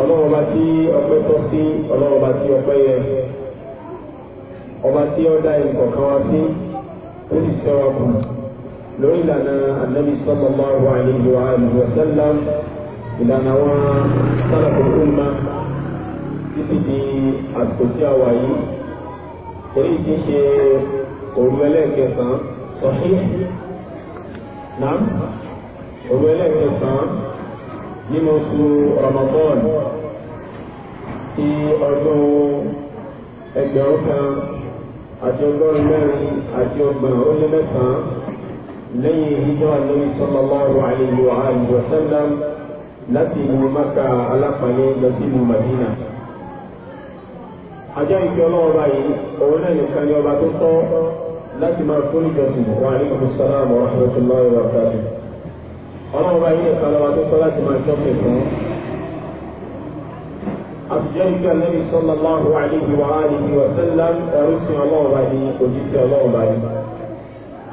ọlọ́run ọba tí ọpẹ́ tọ́ sí ọlọ́run ọba tí ọpẹ́ yẹ ọba tí ó dá nǹkan kan wá sí ó sì tẹ́ wa kù lórí ìlànà anabi sallallahu alaihi wa alihi wa sallam ìlànà wa sálàkù kúrúmà títí di àsìkò tí a wà yìí èyí ti ṣe òru ẹlẹ́ẹ̀kẹsàn-án sọ̀hí náà òru ẹlẹ́ẹ̀kẹsàn-án nínú oṣù Ramadan. sí ọdún ẹgbẹ̀rún kan àti ọgọ́rùn-ún mẹ́rin àti ọgbọ̀n ó lé mẹ́sàn-án lẹ́yìn ìjọ àlẹ́yìn sallallahu alaihi wa alihi láti ìlú lọ sí ìlú ìfẹ́ òun náà nìkan ọba tó tọ́ láti máa fún ìjọsìn wa alaikum salaam wa rahmatullahi wa àtijọ́ríkì Ànábì sallallahu alaihi wa alihi wa sallam ẹ̀rú sí ọlọ́run bá ní òjíṣẹ́ ọlọ́run bá ní.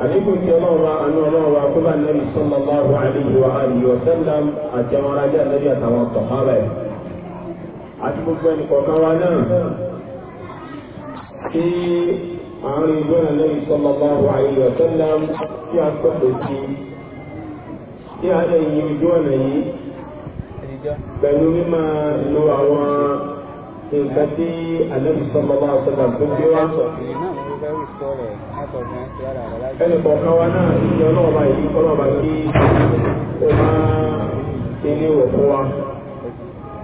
àdínkù tí ọlọ́run bá anú ọlọ́run bá kó bá Ànábì sallallahu alaihi wa alihi wa sallam àti àwọn àtàwọn sàhábà àti gbogbo ẹnì kọ̀ọ̀kan wa náà tí àárín ìgbọ́n Ànábì sallallahu alaihi wa sallam tí tí a pẹ̀lú mímọ lo àwọn nǹkan tí àlejò sọmọ bá sọdọ tó gbé wá sọ. ẹnì kọ̀ọ̀kan wa náà ìjọ náà bá yìí kọ́ náà bá kí ó máa ṣe ní ìwọ̀ fún wa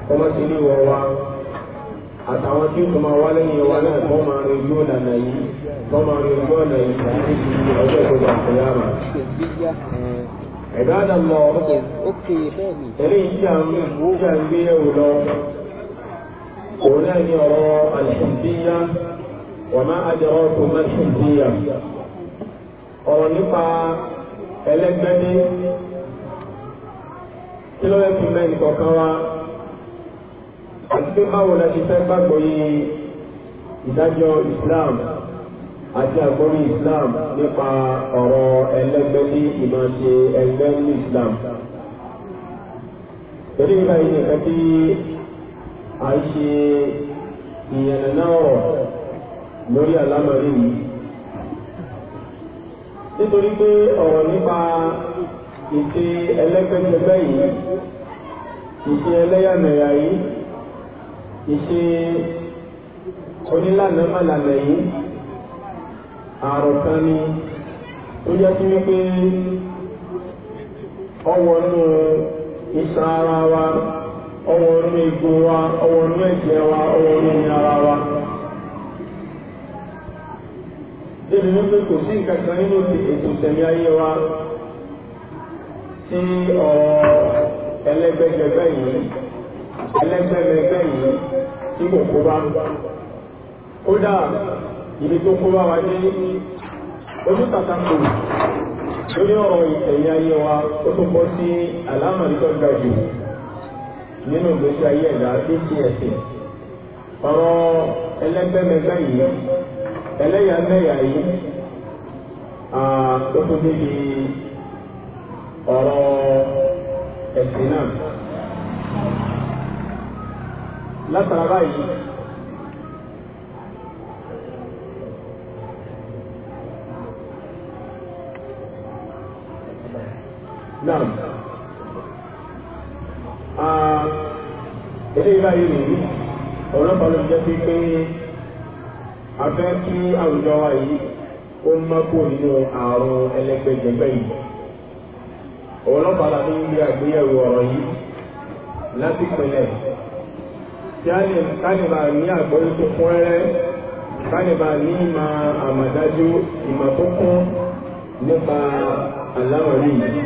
kọ́ máa ṣe ní ìwọ̀ wa àtàwọn tí ó máa wá lẹ́yìn wa náà kọ́ máa rí ojú ọ̀nà yìí kọ́ máa rí ojú ọ̀nà yìí láti fi ọjọ́ ìgbọ̀gbọ̀ àkọyàmà ẹ̀dáàdà lọ eléyìí tí a ń tí a ń gbé yẹ̀wò lọ òun náà ní ọ̀rọ̀ àṣìṣíyá wàmá àjọrọ̀ tó má ṣìṣíyá ọ̀rọ̀ nípa ẹlẹ́gbẹ́dé kí ló yẹ kí mẹ́rin kọ̀ọ̀kan wá àti pé báwo la ti fẹ́ gbàgbọ́ yìí ìdájọ́ Islam àti àgbọ́rí islam nípa ọ̀rọ̀ ẹlẹ́gbẹ́ ní ìmọ̀ọ́ṣe ẹgbẹ́ ní islam. torí ìgbà yìí nìkan tí a ń ṣe ìyẹn náà rọ̀ lórí àlámọ̀rí yìí. nítorí pé ọ̀rọ̀ nípa ìṣe ẹlẹ́gbẹ́jẹgbẹ́ yìí ìṣe ẹlẹ́yàmẹ̀yà yìí ìṣe onílànà màlànà yìí. àrùn kan ni tó jẹ́ sí wípé ọwọ́ ara wa ọwọ́ nù wa ọwọ́ nù ẹ̀jẹ̀ wa ọwọ́ ara wa. débi kò sí nǹkan kan nínú ètò ayé wa tí ọ̀rọ̀ yìí yìí tí kò kó ibi tó kó wá dé ojú tàkà kò lórí ọ̀rọ̀ ìtẹ̀yẹ ayé wa ó tó bọ́ sí alámọ̀lítọ́ ga jù nínú ìgbésí ayé ẹ̀dá tó ti ẹ̀sìn ọ̀rọ̀ ẹlẹ́gbẹ́mẹgbẹ́ yìí ẹlẹ́yàmẹ̀yà yìí tó tó débi ọ̀rọ̀ ẹ̀sìn náà látara báyìí. náà eléyìí báyìí rèé ọlọ́pàá ló jẹ́ pé pé a fẹ́ kí àwùjọ wa yìí ó má kó nínú àrùn ẹlẹ́gbẹ́jẹgbẹ́ yìí ọlọ́pàá la fi ń gbé àgbéyẹ̀wò ọ̀rọ̀ yìí láti pẹ̀lẹ́ tí a lè kánìbà ní àgbọ́yé tó kún rẹ́rẹ́ kánìbà ní ìmọ̀ àmàdájú ìmọ̀ tó kún nípa àlámọ̀rí yìí.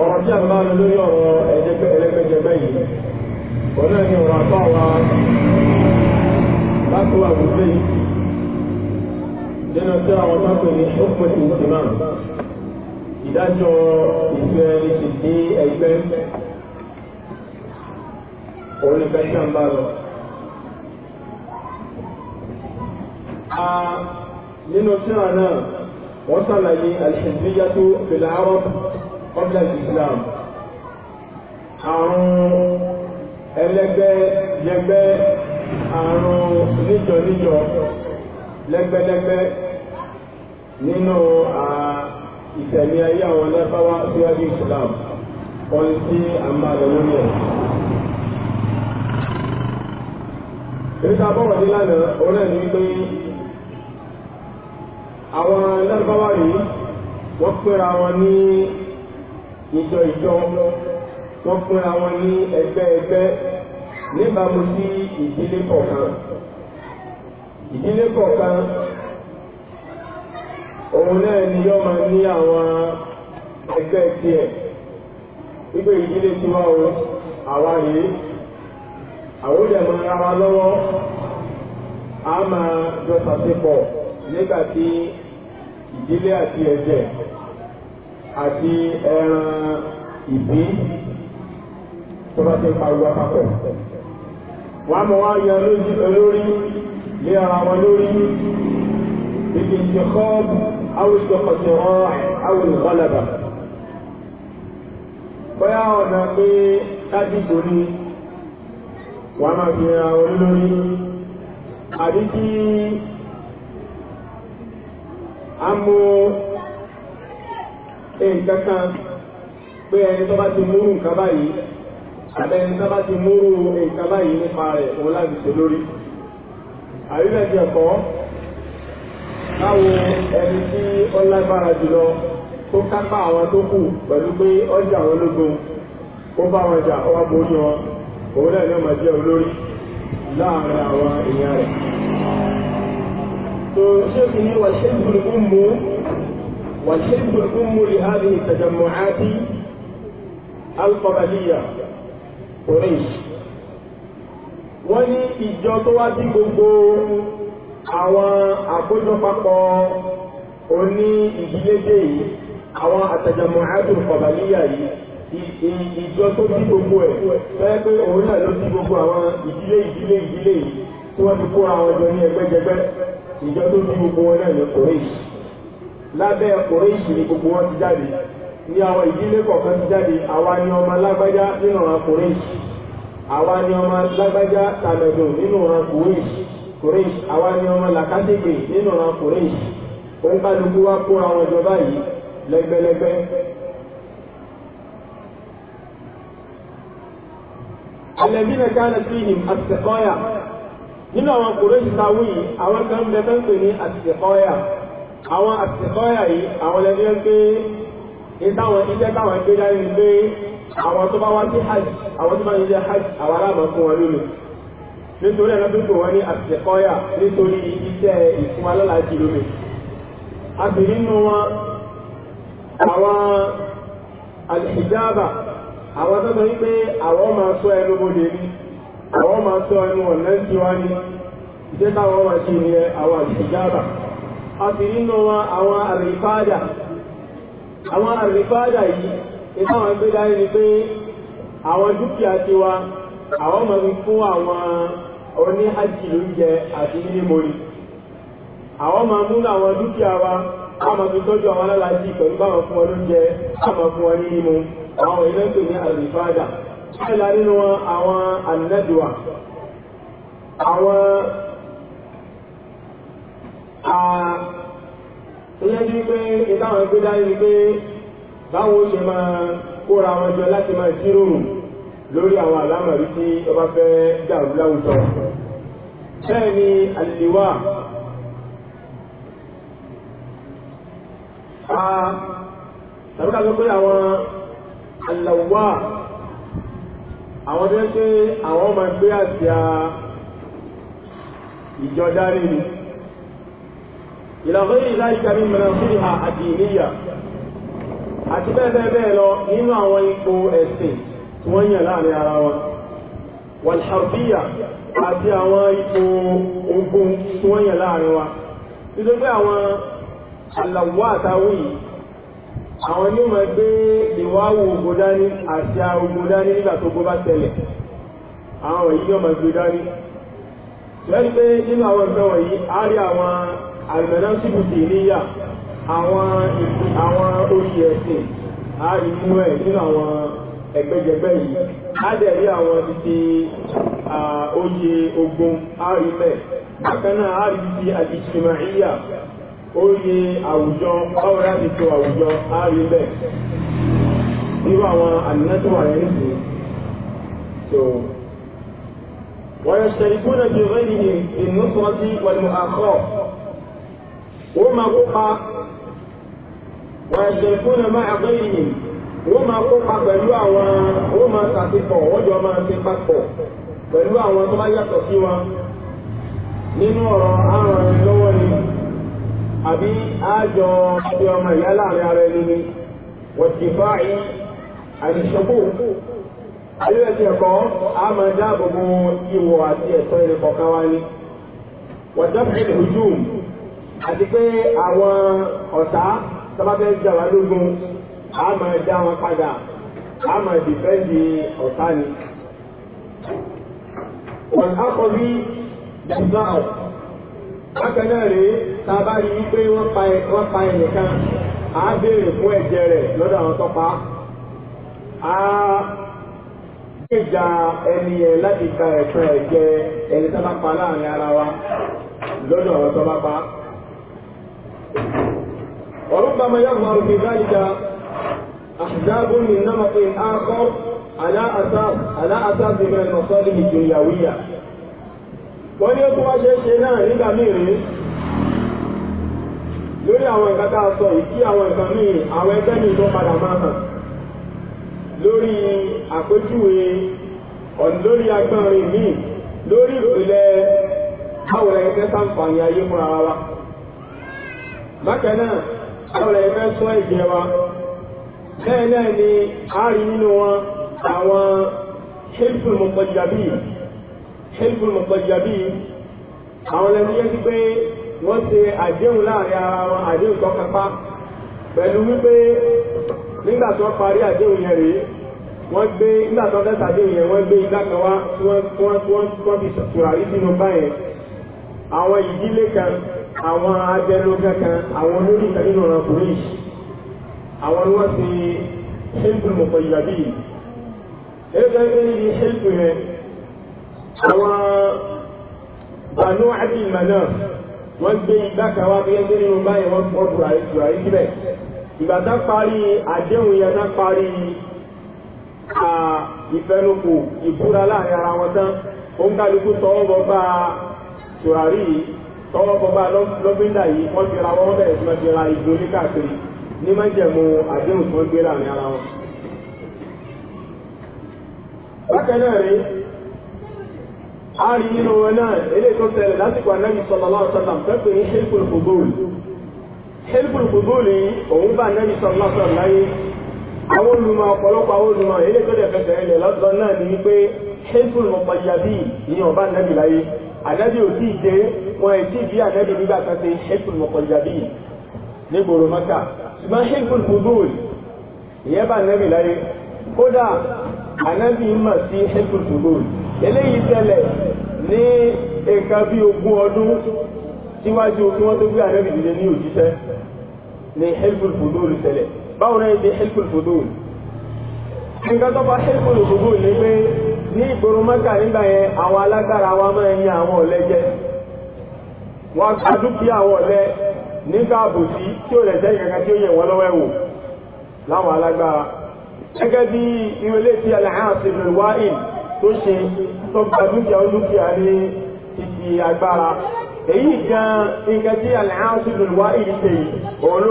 ọ̀rọ̀ tí a ń bá lọ lórí ọ̀rọ̀ ẹlẹ́gbẹ́jẹgbẹ́ yìí wọn náà ní ọ̀rọ̀ àpá wa láti wà wípé nínú tí àwọn tákò ní ṣọ́pẹ̀tì ìsìmá ìdájọ́ ìfẹ́ ẹni ti dé ẹgbẹ́ òun ni ń bá lọ. nínú tí a náà wọ́n sàlàyé alìṣẹ́bíyàtò fìlà áwọ̀ kọ́bílẹ̀ Islam àrùn ẹlẹ́gbẹ́ yẹgbẹ́ àrùn níjọ níjọ lẹ́gbẹ́lẹ́gbẹ́ nínú ìtẹ̀mí ayé àwọn lẹ́fáwá síwájú Islam wọ́n tí a máa lọ lórí ẹ̀. Ìrísà bọ́wọ̀ ní lánàá, òun náà ní pé àwọn lẹ́fáwá yìí wọ́n pera wọn ní ìjọ ìjọ wọ́n fúnra wọn ní ẹgbẹ́ ẹgbẹ́ níbàámu sí ìdílé kọ̀ọ̀kan ìdílé kọ̀ọ̀kan òun náà ni yọ́ máa ní àwọn ẹgbẹ́ tiẹ̀ wípé ìdílé o àwa yìí àwọn ara wa lọ́wọ́ a máa jọ nígbà tí ìdílé àti ẹran ìbí tó bá ti ń pariwo apapọ̀. wọ́n á mọ̀ wá yan olórí lé ara wọn lórí bíbí ìjọkọ́ọ̀bù àwùjọ ọ̀sẹ̀rọ̀ àwùjọ ọ̀làbà. bóyá ọ̀nà pé kádìgbò ni wọ́n máa fi ra wọn lórí àbí kí á mú. pé nǹkan kan pé ẹni tó bá ti múrù nǹkan báyìí àbẹ́ni tó bá ti múrù nǹkan báyìí nípa rẹ̀ òun láti ṣe lórí àríwẹ̀dì ẹ̀kọ́ láwo ẹni tí ó lágbára jùlọ tó kápá àwọn tó kù pẹ̀lú pé ọjà wọn lógun ó bá wọn jà ó wá borí wọn òun náà ni wọn máa jẹ olórí láàrin والحزب الأم لهذه التجمعات القبلية قريش wọ́n ní ìjọ tó wá sí gbogbo àwọn àkójọpapọ̀ oní ìdílédé yìí àwọn àtàjàmọ̀ádùn kọ̀bàlíyà yìí ìjọ tó sí gbogbo ẹ̀ fẹ́ pé òun náà ló sí gbogbo àwọn ìdílé ìdílé ìdílé yìí tí wọ́n ti kó àwọn ọjọ́ ní ẹgbẹ́jẹgbẹ́ ìjọ tó sí gbogbo wọn náà ní kòrèṣì lábẹ́ kòrèṣì ni gbogbo wọn ti jáde ní àwọn ìdílé kọ̀ọ̀kan ti jáde àwa ni ọmọ lágbájá nínú ọ̀ràn kòrèṣì àwa ni ọmọ lágbájá tàmẹ̀dò nínú ọ̀ràn kòrèṣì kòrèṣì àwa ni ọmọ làkàtìgbè nínú ọ̀ràn kòrèṣì òun kálukú wá kó àwọn ìjọba yìí lẹ́gbẹ́lẹ́gbẹ́. الذين كانت فيهم السقاية nínú àwọn kòrèṣì táwọn yìí àwọn kan bẹ àwọn àtìkọ́yà yìí àwọn ẹni ń gbé ìtàwọn iṣẹ́ táwọn ń gbé dání àwọn tó bá wá sí hajj àwọn tó bá hajj àwọn aláàbọ̀ fún wọn lónìí nítorí ní àtìkọ́yà nítorí iṣẹ́ ìfún a sì nínú wọn àwọn àlìjáàbà àwọn tó sọ wípé àwọn máa sọ ẹnu bóde ní àwọn máa sọ ẹnu ọ̀nà tiwa ní táwọn àwọn Asiri nínú awon arifada awon arifada yi yìí ìtàwọn gbé ni pé àwọn dúkìá àwọn ọmọ mi fún àwọn oní hajj jẹ àti mímori àwọn máa mú àwọn dúkìá wa káàmọ̀ fi tọ́jú àwọn alálàájì pẹ̀lú báwọn fún wọn lóúnjẹ káàmọ̀ fún wọn àwọn ní nínú àwọn ìyẹn ní pé ìtàwọn ẹgbẹ́ dání ni pé báwo ṣe máa kóra wọn jọ láti máa jíròrò lórí àwọn àlámọ̀rí tí ọba fẹ́ dàrú láwùjọ bẹ́ẹ̀ ni àlèwà tàbí ká sọ pé àwọn àlàwà àwọn tó ń pé àwọn máa gbé àsíá ìjọ dání ni ìlà ghairi dhalika min manaziliha ad-diniyya àti bẹ́ẹ̀ bẹ́ẹ̀ bẹ́ẹ̀ lọ nínú àwọn ipò ẹ̀sìn tí wọ́n yàn láàrin ara wọn wal harfiyya àti àwọn ipò ogun tí wọ́n yàn láàrin wa nítorí pé àwọn àlàwọ́ àtàwí àwọn ní ma gbé ìwáwò ogun àti ogun nígbà tó gbó bá tẹ̀lẹ̀ àwọn wọ̀nyí yóò ma gbé dání lẹ́nu pé nínú àwọn ìfẹ́ wọ̀nyí á rí àwọn àìmọ̀lẹ́sìbù tì níyà àwọn oyè ẹ̀sìn a rí mú ẹ̀ nínú àwọn ẹgbẹ́jẹgbẹ́ yìí a dẹ̀ rí àwọn títí oyè ogun a rí mẹ́ bákan náà a rí títí àdìsímáìyà oyè àwùjọ báwo láti tó wọ́n máa kópa wọ́n ẹ̀sẹ̀ fún ẹ̀má àgbẹ̀yìn wọ́n máa kópa pẹ̀lú àwọn wọ́n máa ṣàtìpọ̀ wọ́n jọ máa ṣe papọ̀ pẹ̀lú àwọn tó bá yàtọ̀ sí wọn nínú ọ̀rọ̀ àrùn ẹ̀rìn lọ́wọ́ ni àbí àjọ àti ọmọ ìyá láàrin ara ẹni ni wọ́n ti bá yín àdìsọ́kù ayélujára ẹ̀kọ́ a máa dáàbò bo ìwọ̀ àti ẹ̀tọ́ ìrẹ̀kọ̀ká wáyé wọ́n dábìlì hùjúùmù àti pé àwọn ọ̀tá sábàbẹ́ jà wá lógun a máa dá wọn padà a máa dìfẹ́ǹdì ọ̀tá ni. wọ́n á kọ́ bí bùbá ọ̀ bákan náà rèé tá a bá rí i pé wọ́n pa ẹnìkan a béèrè fún ẹ̀jẹ̀ rẹ̀ lọ́dọ̀ àwọn tó pa á gbèjà ẹni yẹn láti gba ẹ̀tọ́ ẹ̀jẹ̀ ẹni tó bá pa láàrin ara wa lọ́dọ̀ àwọn tó bá pa á. وربما يظهر في ذلك أحزاب من نمط آخر على أساس على أساس من المصالح الدنيوية wọ́n ní ó tún wá ṣe é ṣe náà nígbà míì rí lórí àwọn nǹkan tá a sọ yìí kí àwọn nǹkan míì àwọn ẹgbẹ́ míì tó padà máa hàn lórí àpéjúwe lórí agbọ́nrin míì lórí ìpìlẹ̀ báwo la ẹgbẹ́ bákan náà ọ̀rẹ́ ẹ̀fẹ́ sọ ẹ̀jẹ̀ wa bẹ́ẹ̀ náà ni a rí nínú wọn àwọn helpful mọ̀pọ̀jàbí helpful mọ̀pọ̀jàbí àwọn lẹ́nu yẹ́ sí pé wọ́n ṣe àdéhùn láàrin ara wọn àdéhùn tó kápá pẹ̀lú wípé nígbà tó parí àdéhùn yẹn rèé wọ́n gbé nígbà tó fẹ́ sàdéhùn yẹn wọ́n gbé igbá wá tí wọ́n fi tùràrí sínú báyẹn àwọn ìdílé kan àwọn ajẹlógún kan àwọn olórí kan nínú ọ̀ràn kùnrin yìí àwọn ni wọ́n ti ṣẹ́ǹpù mọ̀kọ́ ìyàbí yìí ẹgbẹ́ ẹgbẹ́ níbi ṣẹ́ǹpù yẹn àwọn bànú àti ìmọ̀ náà wọ́n gbé igbá kan wá bí ẹgbẹ́ nínú báyìí wọ́n pọ̀ jù àyè tọwọ bọba lọ́gbẹ́dà yìí wọ́n ti ra wọ́n bẹ̀rẹ̀ sí wọ́n ti ra ní káàkiri ní májẹ̀mú àdéhùn tí wọ́n gbé láàrin ara wọn. bákan náà rí a rí nínú wọn náà eléyìí tó tẹ̀lé lásìkò anábì sallallahu alaihi wasallam ní helpful football helpful football yìí òun bá láyé àwọn àwọn eléyìí tó náà wípé wọn ẹ̀ tí ìbí ànábì nígbà kan ṣe hezbul mọ̀kànjábì nígboro mọ́ta ṣùgbọ́n hezbul fudul ìyẹn bá ànábì láyé kódà ànábì mọ̀ sí hezbul fudul eléyìí tẹ̀lẹ̀ ní nǹkan bí ogún ọdún síwájú kí wọ́n tó gbé ànábì dìde ní òjíṣẹ́ ní hezbul fudul tẹ̀lẹ̀ báwo náà ṣe hezbul fudul nǹkan tó bá hezbul fudul ní pé ní ìgboro mọ́ta nígbà yẹn àwọn alágbára wa máa ń yan àwọn ọ̀lẹ́jẹ́ wọ́n gba dúkìá àwọn ọ̀lẹ nígbà àbòsí tí ó lẹ̀sẹ̀ kankan tí ó yẹ̀ wọ́n lọ́wọ́ ẹ̀wò láwọn alágbára gẹ́gẹ́ bí irú ilé tí Al-Aas ibn Wa'il tó ṣe tó gba dúkìá ó dúkìá ní títí agbára èyí gan nǹkan tí Al-Aas ibn Wa'il ṣe yìí òun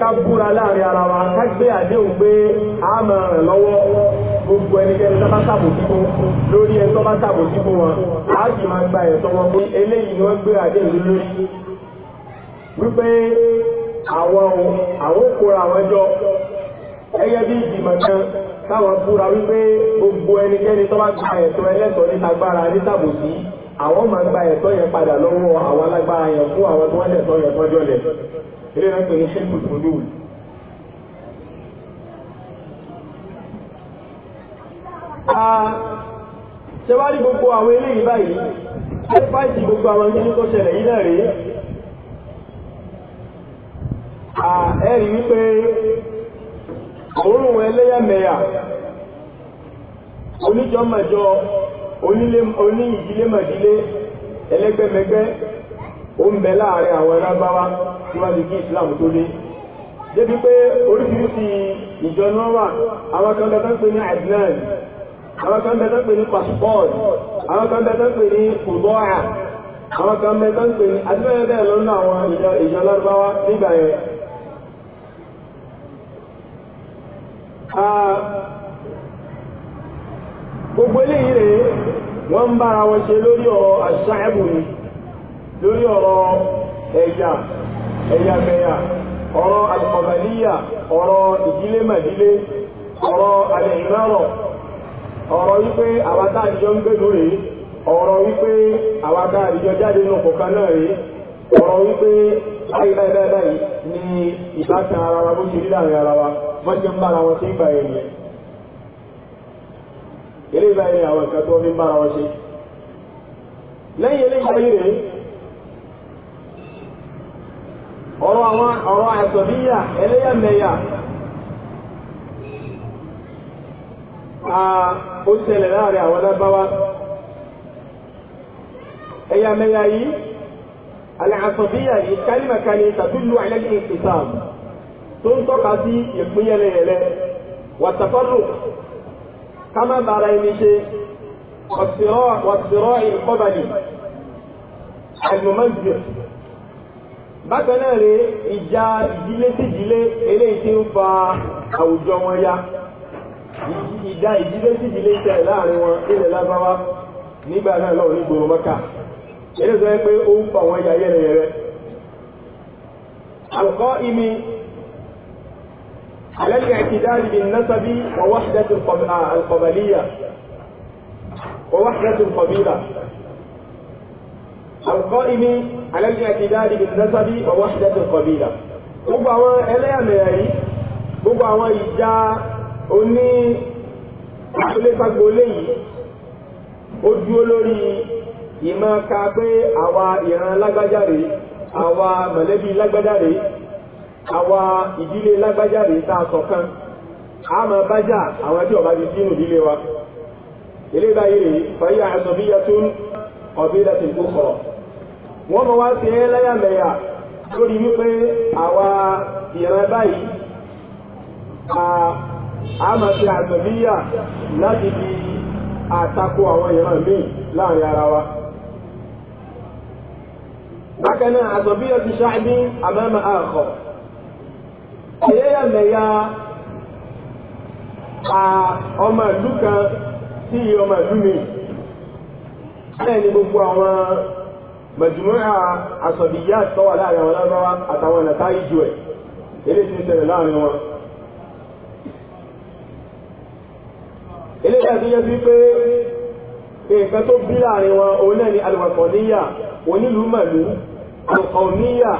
ká búra láàrin ara wa ká gbé àdéhùn pé a máa ràn lọ́wọ́ gbogbo ẹnikẹ́ni tó bá ṣàbòsí fún lórí ẹni tó bá ṣàbòsí fún wọn á sì máa gba ẹ̀sọ́ wọn pé eléyìí ni wọ́n gbé adé lórí wípé àwọn àwọn kóra àwọn jọ ẹgẹ́ bí ìgbìmọ̀ kan táwọn búra wípé gbogbo ẹnikẹ́ni tó bá gba ẹ̀tọ́ ẹlẹ́tọ̀ọ́ ní agbára ní ṣàbòsí àwọn máa gba ẹ̀tọ́ yẹn padà lọ́wọ́ àwọn alágbára yẹn fún àwọn tó wọ́n lẹ̀tọ́ yẹn tọ́jọ́ lẹ̀ ilé ṣẹwárí gbogbo àwọn eléyìí báyìí ṣe fáìtì gbogbo àwọn kíní tó ṣẹlẹ̀ yìí náà rèé ẹ̀rí wípé òórùn ẹlẹ́yàmẹ̀yà ó ń bẹ láàrin àwọn arábáwá tí wọ́n Islam tó dé débi pé oríṣiríṣi ìjọ náà wà àwọn àwọn kan bẹ tán pè ní passport àwọn kan bẹ tán pè ní fùdọ́à àwọn kan bẹ tán pè ní àti bẹ́ẹ̀ bẹ́ẹ̀ lọ́nà àwọn ìjọ lárúbáwá nígbà yẹn. gbogbo eléyìí wọ́n ń bára wọn ṣe lórí ọ̀rọ̀ àṣàbù ni lórí ọ̀rọ̀ ẹ̀yà ẹ̀yàmẹ̀yà ọ̀rọ̀ àlùkọ̀bàníyà ọ̀rọ̀ ìdílé màdílé ọ̀rọ̀ àlẹ̀ ìrànlọ́. ọ̀rọ̀ wípé àwa tá ń gbẹ́dùn rèé ọ̀rọ̀ wípé àwa tá àdìjọ jáde nù náà rèé ọ̀rọ̀ wípé ni ìbátan ara wa bó ṣe rí láàrin ara wa wọ́n ti ń bára wọn ṣe gbà yẹn eré àwọn fi ń bára wọn ṣe. lẹ́yìn ó ṣẹlẹ̀ láàrin àwọn lábáwá ẹ̀yà mẹ́yà yìí alẹ́hàṣọ̀bíyà yìí kálímàkálí tàbílù àlẹ́gbẹ̀ẹ́ ìsìsáàmù tó ń tọ́ka sí ìpínyẹlẹ̀yẹlẹ wàtàfọ́rù ká má bára ẹni ṣe wàtìrọ́ ìkọ́bàlì àgbọ̀mọ́gbẹ̀ bákan náà rèé ìjà ìdílé sí ìdílé eléyìí tí ń fa àwùjọ wọn ya ìdá ìdílé sí ìdílé tẹ̀ láàrin wọn ilẹ̀ lábáwá nígbà náà lọ́wọ́ ní gbòòrò mọ́kà ilé sọ pé ó ń pa àwọn ẹ̀yà yẹ̀rẹ̀yẹ̀rẹ̀ alùkọ́ imi alẹ́kẹ̀ ìtìdáàlì bin nasabi wa wahdatu al-qabaliyya wa wahdatu al-qabila القائم على الاعتدال بالنسب ووحدة القبيلة gbogbo àwọn ẹlẹ́yàmẹ̀yà yìí gbogbo àwọn ìjà oní àtúlé sàgbólé yìí ó dúró lórí ìmọ̀ ká pé àwa ìran lágbájá rèé àwa mọ̀lẹ́bí lágbájá àwa ìdílé tá a ṣọ̀kan a máa bájà àwọn tí ọba ti sínú ìdílé wa ilé báyìí rèé fàyà àtọ̀bíyà tó ọ̀bí láti ma kọ̀ọ̀ wọ́n mọ̀ wá sí ẹ́ láyàmẹ̀yà lórí wípé àwa ìran báyìí a máa ṣe àgbẹ̀bíyà láti fi àtakò àwọn ìran míì láàrin ara wa. bákan náà àgbẹ̀bíyà ti ṣáàbí àmọ́mọ́ àkọ́ ẹ̀yẹ́yàmẹ̀yà ọmọ ìlú kan sí ọmọ ìlú mi bẹ́ẹ̀ ni gbogbo àwọn mẹ̀jùmọ́ra àsọ̀bìyà tọ́wà láàrin àwọn lábáwá àtàwọn nàtàrí jù ẹ̀ eléyìí ti láàrin wọn. eléyà tó yẹ sí pé nǹkan tó bí láàrin wọn òun náà ni alùpàkọ̀níyà onílùmọ̀lú alùpàkọ̀níyà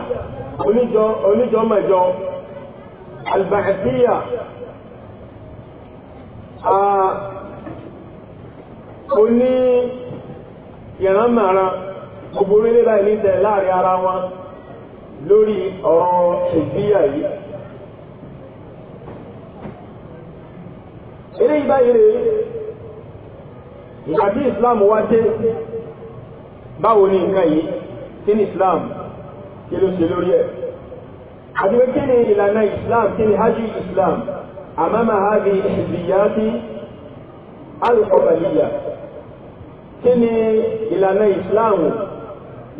oníjọmọ̀jọ albàṣíyà oní ìrànmọ̀ràn gbogbo orílẹ̀-èdè láàrin ara wọn lórí ọ̀rọ̀ ìgbéyà yìí eléyìí báyìí rèé ìgbà tí islam wá dé báwo ni nǹkan yìí kí ni islam kí ló ṣe lórí ẹ̀ àti pé kí ni ìlànà islam kí ni hajj islam amama hadi ìbíyàtì alùpàbàlìyà kí ni ìlànà islam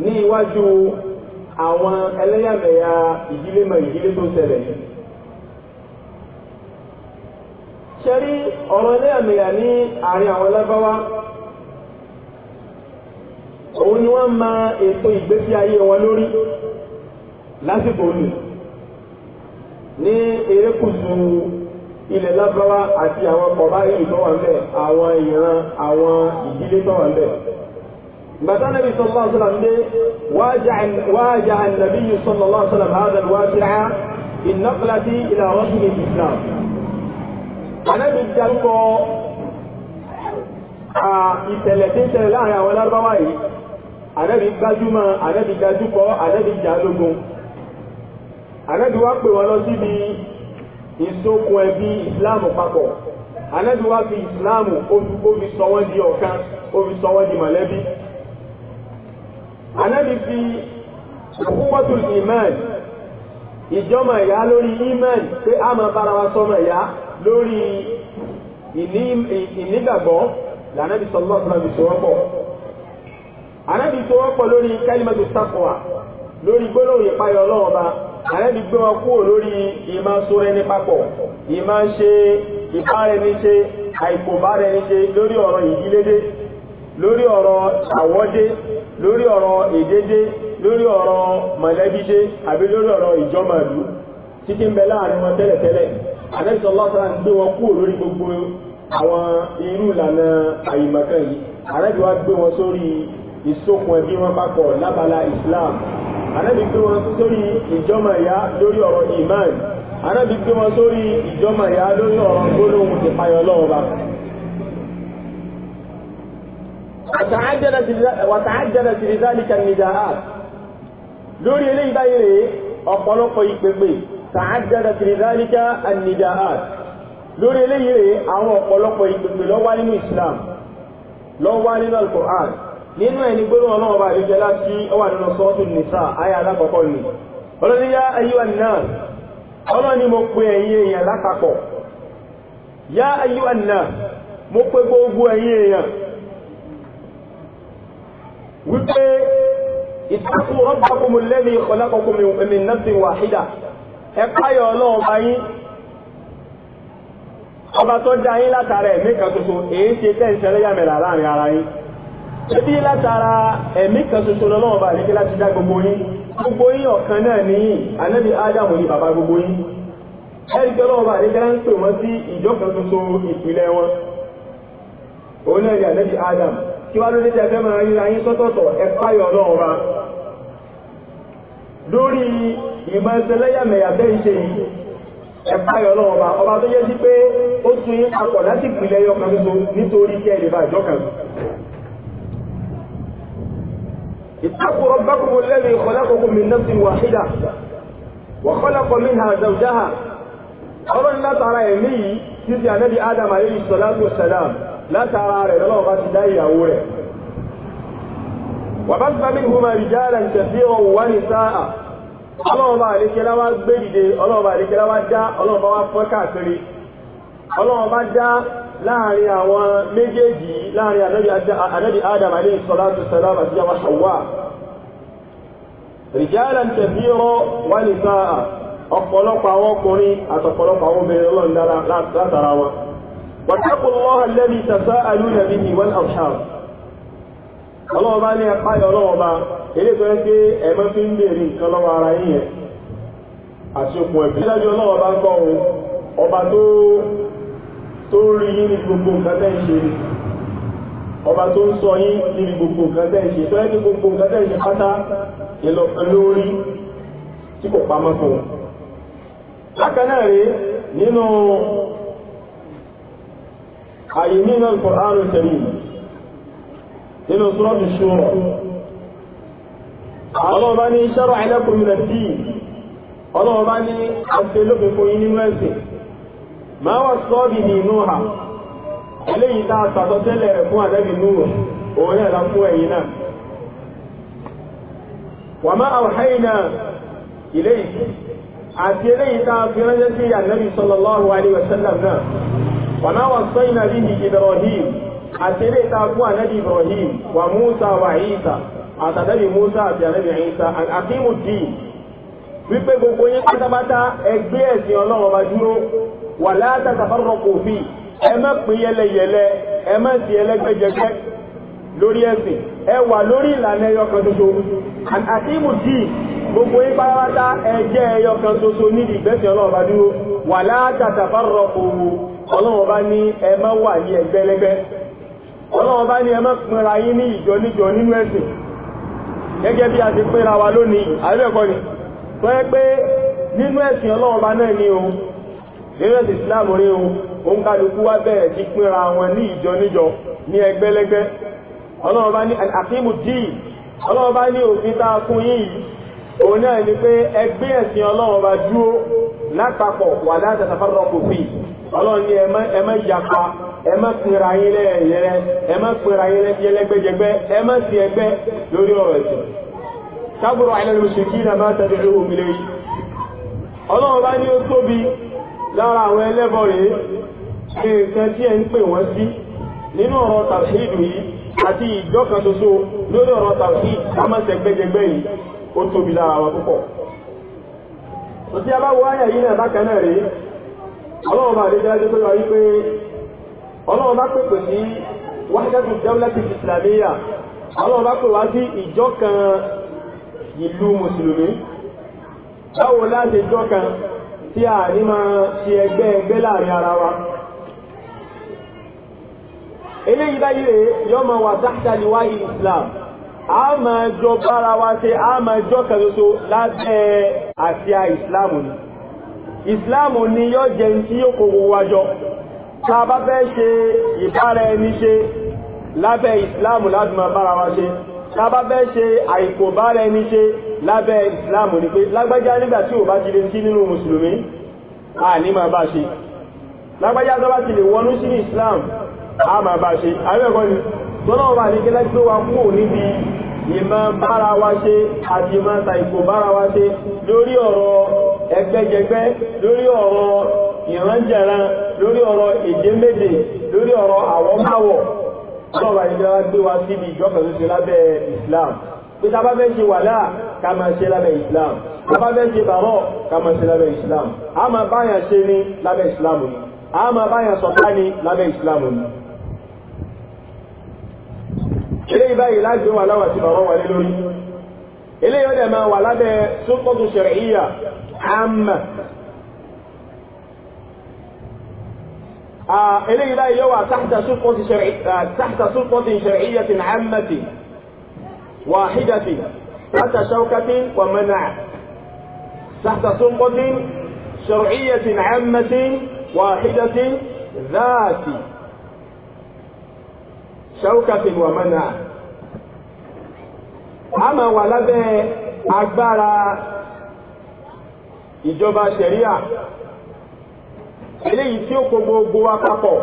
ní iwájú àwọn ẹlẹ́yàmẹ̀yà ìdílé mọ ìdílé tó ṣẹlẹ̀ yìí. ṣẹ́rí ọ̀rọ̀ ẹlẹ́yàmẹ̀yà ní àárín àwọn lábáwá òun ni wọ́n ma ètò ìgbésí ayé wọn lórí lásìkò òní ní erékùsù ilẹ̀ lábáwá àti àwọn kọ̀ọ̀bá ìlú tó wà ń bẹ̀ àwọn ìran àwọn ìdílé tó wà ń gbàtà nàbí sọlá ọsọlá ndé wájà ànàbí yìí sọlá ọsọlá hàdà wájà ìnáfìlàtì ìlà rọ́ṣùn ìsìlámù ànábì dárúkọ ìṣẹ̀lẹ̀ tí ń ṣẹlẹ̀ láàrin àwọn lárúbáwá yìí ànábì gbájúmọ́ ànábì dájúkọ ànábì jálógún ànábì wá pè wọn lọ síbi ìsókun ẹbí ìsìláàmù papọ̀ ànábì wá fi ìsìláàmù ó fi sọ wọ́n di ọ̀kan ó fi sọ wọ́n di mọ̀lẹ́bí ànábì fi òkúwọ́tò ìmán ìjọmọ̀ ìyá lórí ìmán pé a máa bára wa sọmọ ìyá lórí ìnígbàgbọ́ lànàbí sọlọ́ ọ̀sán ti wọ́pọ̀ ànábì tó wọ́pọ̀ lórí kẹ́límẹ́tò sáfùwà lórí gbólóhùn ìpayọ̀ ọlọ́wọ́ ba ànábì gbé wọn kúrò lórí ìmọ̀ sóra ẹni papọ̀ ìmọ̀ ṣe ìbáraẹniṣe àìkòbáraẹniṣe lórí ọ̀rọ̀ ìdílédé lórí ọ̀rọ̀ àwọ́dé lórí ọ̀rọ̀ èdédé lórí ọ̀rọ̀ mọ̀lẹ́bíṣe àbí lórí ọ̀rọ̀ ìjọmọ̀lú títí ń bẹ láàrin wọn tẹ́lẹ̀tẹ́lẹ̀ àdẹ́sọ̀ lọ́sàn gbé wọn kúrò lórí gbogbo àwọn irú ìlànà àyìmọ̀kan yìí àdẹ́sọ̀ wá gbé wọn sórí ìsókun ẹbí wọn papọ̀ lábala Islam àdẹ́bí gbé wọn sórí ìjọmọ̀ ìyá lórí ọ̀rọ̀ iman àdẹ́bí gbé wọn sórí ìjọmọ̀ ìyá lórí ọ̀rọ̀ gbólóhùn ti payọ̀ lọ́wọ́ bá. وتعجلت لذلك النداءات lórí eléyìí báyìí rèé ọ̀pọ̀lọpọ̀ ìpèpè تعددت لذلك النداءات lórí eléyìí rèé àwọn ọ̀pọ̀lọpọ̀ ìpèpè lọ́wọ́ nínú Islam lọ́wọ́ nínú Al-Qur'an nínú ẹni gbóná ọlọ́run bá àdéjọ láti ọwà nínú sọ́ọ̀tù nìsà ayé alákọ̀ọ́kọ́ ni ọlọ́ni yá ayíwá náà ọlọ́ni mo pe ẹ̀yin èèyàn lápapọ̀ yá ayíwá náà mo pe gbogbo ẹ̀yin èèyàn wípé ìtakùn rabbakumul ladhi khalaqakum min nafsin wahida ẹ̀páyọ̀ ọlọ́run bá yín ọba tó dá yín látara ẹ̀mí kan ṣoṣo èyí ṣe tẹ́ǹsẹ̀ lẹ́yàmẹ̀lá láàrin ara yín ṣébí látara ẹ̀mí kan ṣoṣo lọ́lọ́run bá nígbé láti dá gbogbo yín gbogbo yín ọ̀kan náà níyìn ànábì ádámù ni bàbá gbogbo yín ẹ̀rí tí ọlọ́run bá nígbé láti pè wọ́n sí ìjọ kan ṣoṣo ìpìlẹ̀ wọn òun náà ni ànábì ádámù kí wá ló dé tẹ́ fẹ́ máa ríra yín sọ́tọ̀ọ̀tọ̀ ẹ̀páyọ̀ ọlọ́run lórí ìmọ̀ ẹsẹ̀lẹ́yàmẹ̀yà bẹ́ẹ̀ ṣe yìí ẹ̀ka ìrọ̀lọ́ ọba ọba tó yẹ sí pé ó tún yín papọ̀ láti ìpìlẹ̀ ẹyọ kan tuntun nítorí kí ẹ bá ìjọ kan. اتقوا ربكم الذي خلقكم من نفس واحدة وخلق منها زوجها ọlọ́run látara ẹ̀mí yìí títí ànábì Adam alayhi salatu wa salam látara rẹ̀ lọ́wọ́ bá ti dá ìyàwó rẹ̀ وبث منهما رجالا كثيرا ونساء ọlọ́run bá àlékẹ́lá wá gbé dìde ọlọ́run bá àlékẹ́lá wá já ọlọ́run bá wá fọ́n káàkiri ọlọ́run bá já láàrin àwọn méjèèjì láàrin ànábì adam alayhi salatu salam àti àwọn hawa rijalan kathira wa nisaa ọ̀pọ̀lọpọ̀ àwọn ọkùnrin àtọ̀pọ̀lọpọ̀ àwọn obìnrin ọlọ́run ọlọ́wọ́ ní apáyọ̀ ọlọ́wọ́ bá pé ẹ̀mọ́ fi ń bèèrè nǹkan lọ́wọ́ ara yín àti okùn ẹ̀bí dájú ọlọ́wọ́ ń kọ́ ọba tó rí ní gbogbo nǹkan ọba tó ń sọ yín ní gbogbo nǹkan tó kí gbogbo nǹkan nínú sọ́ọ̀tù ṣúrọ̀ ọlọ́ọ̀bá ní ṣọ́rọ̀ àìlẹ́kùnrin rẹ̀ sí ọlọ́ọ̀bá ní àti olófin fún yín nínú ẹ̀sìn máa wà sọ́ọ̀dì ní inú ha eléyìí tá a sàtọ́tẹ́lẹ̀ rẹ̀ fún àdẹ́bì núwò òun náà la fún ẹ̀yìn náà wà má àwòháyìnà eléyìí àti eléyìí tá a fi ránṣẹ́ sí ànábì sallallahu alaihi wasallam náà wà má wà sọ́yìn àti ilé ìta fún ànábì Ibrahim wa Musa wa Isa àtànábì Musa àti ànábì Isa àkímù dì wípé gbogbo yín pátápátá ẹgbẹ́ ẹ̀sìn ọlọ́run ọba dúró wà látàtàfàrọ̀ kò fi ẹ má pín yẹlẹyẹlẹ ẹ má sí ẹlẹgbẹjẹgbẹ lórí ẹ̀sìn ẹ wà lórí ìlànà ẹyọ kan ṣoṣo àkímù dì gbogbo yín pátápátá ẹjẹ ẹyọ kan ṣoṣo nídìí ìgbẹ́sìn ọlọ́run ọba dúró wà látàtàfàrọ̀ kò wò ọlọ́run ọba ní ẹ má wà ní ẹgbẹ́lẹ́gbẹ́ ọlọ́run bá ní ẹ má pinra ní ìjọ níjọ nínú ẹ̀sìn gẹ́gẹ́ bí a ti pinra wa lónìí àbẹ́ẹ̀kọ́ ni tó pé nínú ẹ̀sìn ọlọ́run náà ní o nínú ẹ̀sìn Islam rí o òun kálukú wá bẹ̀rẹ̀ wọn ní ìjọ níjọ ní ẹgbẹ́lẹ́gbẹ́ bá ní bá ní òfin tá a yín yìí òun náà ni pé ẹgbẹ́ ẹ̀sìn bá wà láti ẹ má pera yín lẹ́yẹlẹ ẹ má pera yín yẹlẹgbẹjẹgbẹ ẹ má sí ẹgbẹ́ lórí ọ̀rọ̀ ẹ̀sìn na àìlẹ́lẹ́lẹ́sì kí iná máa tẹ̀lé ìlú omi lẹ́yìn ọlọ́run bá ní ó tóbi lára àwọn rèé ṣe nǹkan tí ẹ ń pè wọ́n sí nínú ọ̀rọ̀ tàfíìdù yìí àti ìjọ kan lórí yìí ó tóbi lára wọn abáwo yìí náà bákan náà rèé bá ọlọ́run bá pèpè ní wákàtí dẹ́wọ́lẹ́tì islamiyya ọlọ́run bá pè wá sí ìjọ kan ìlú mùsùlùmí báwo láti ìjọ kan tí a ní máa ṣe ẹgbẹ́ ẹgbẹ́ láàrin ara wa eléyìí báyìí yọ máa wà tahta liwa'i islam a máa jọ bára wa ṣe a máa jọ kan ṣoṣo lábẹ́ àsíá ìsìláàmù ni ìsìláàmù ni yóò jẹun tí yóò kó gbogbo wa jọ tá a bá fẹ́ ṣe ìbára ẹni ṣe lábẹ́ ìsìláàmù láti máa bára wa ṣe tá a bá fẹ́ ṣe àìkò ẹni ṣe lábẹ́ ìsìláàmù ni pé lágbájá nígbà tí ò bá ti lè sí nínú mùsùlùmí a ní máa bá ṣe lágbájá tó bá ti lè wọnú sí ìsìláàmù a máa bá ṣe àbẹ́ẹ̀kọ́ ni tọ́lọ́wọ́ bá ní kí lẹ́gbẹ́ wa kúrò níbi ìmọ̀ bára wa ṣe àti ìmọ̀ ṣàìkò bára wa ṣe lórí ọ̀rọ̀ ẹgbẹ́jẹgbẹ́ lórí ọ̀rọ̀ ìrànjẹ̀ran lórí ọ̀rọ̀ èdèmédè lórí ọ̀rọ̀ àwọ̀máwọ̀ ọlọ́wà ìjọba gbé wa síbi ìjọba tó ṣe lábẹ́ Islam pé tá a bá fẹ́ ṣe wàhálà ká máa ṣe lábẹ́ Islam tá a bá fẹ́ ṣe bàrọ̀ ká máa ṣe lábẹ́ Islam a máa báyàn ṣe ní lábẹ́ Islam ni a máa báyàn sọ̀tá ní lábẹ́ Islam ni eléyìí báyìí láti wà láwà ti ọ̀rọ̀ wà lé lórí eléyìí ọdẹ ma wà lábẹ́ sọpọtù ṣẹríyà àmà ilé eléyìí báyìí yóò wà táhta sọpọtù ṣẹríyà tì àmàtì wàhídàtì táhta ṣọkàtì wà mẹnà táhta sọpọtù ṣẹríyà tì àmà ti àmàtì wàhídàtì ذاتي ṣàwùkàfin wà mọ́nà a máa wà lábẹ́ agbára ìjọba ṣẹ̀ríà eléyìí tí ó kó gbogbo wa papọ̀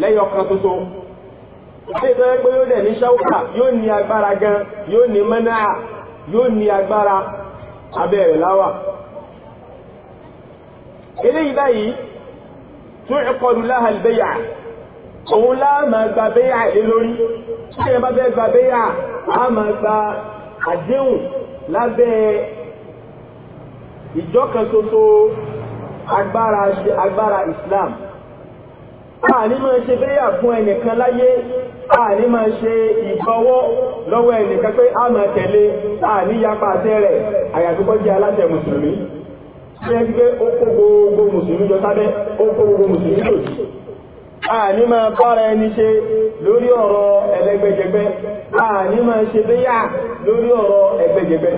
lẹ́yọ kan tuntun ṣètò ẹgbẹ́ yóò dẹ̀ ní yóò ní agbára gan yóò ní mọ́nà yóò ní agbára abẹ́ rẹ̀ láwà eléyìí báyìí tún ẹ̀kọ́ òun láàmà gba béyà lé lórí tí ẹ bá fẹ́ gba béyà á máa gba àdéhùn lábẹ́ ìjọkànṣoṣo agbára agbára Islam àní máa ṣe béyà fún ẹnìkan láyé àní máa ṣe ìgbọwọ́ lọ́wọ́ ẹnìkan pé a máa tẹ̀lé àní yapa àtẹ rẹ̀ àyàfikọ́ jẹ́ aláṣẹ mùsùlùmí ṣé ẹgbẹ́ ó kó gbogbo mùsùlùmí jọ sábẹ́ ó kó gbogbo mùsùlùmí lòdì àní máa bára ẹni ṣe lórí ọ̀rọ̀ ẹlẹ́gbẹ́jẹgbẹ́ àní máa ṣe bẹ́yà lórí ọ̀rọ̀ ẹgbẹ́jẹgbẹ́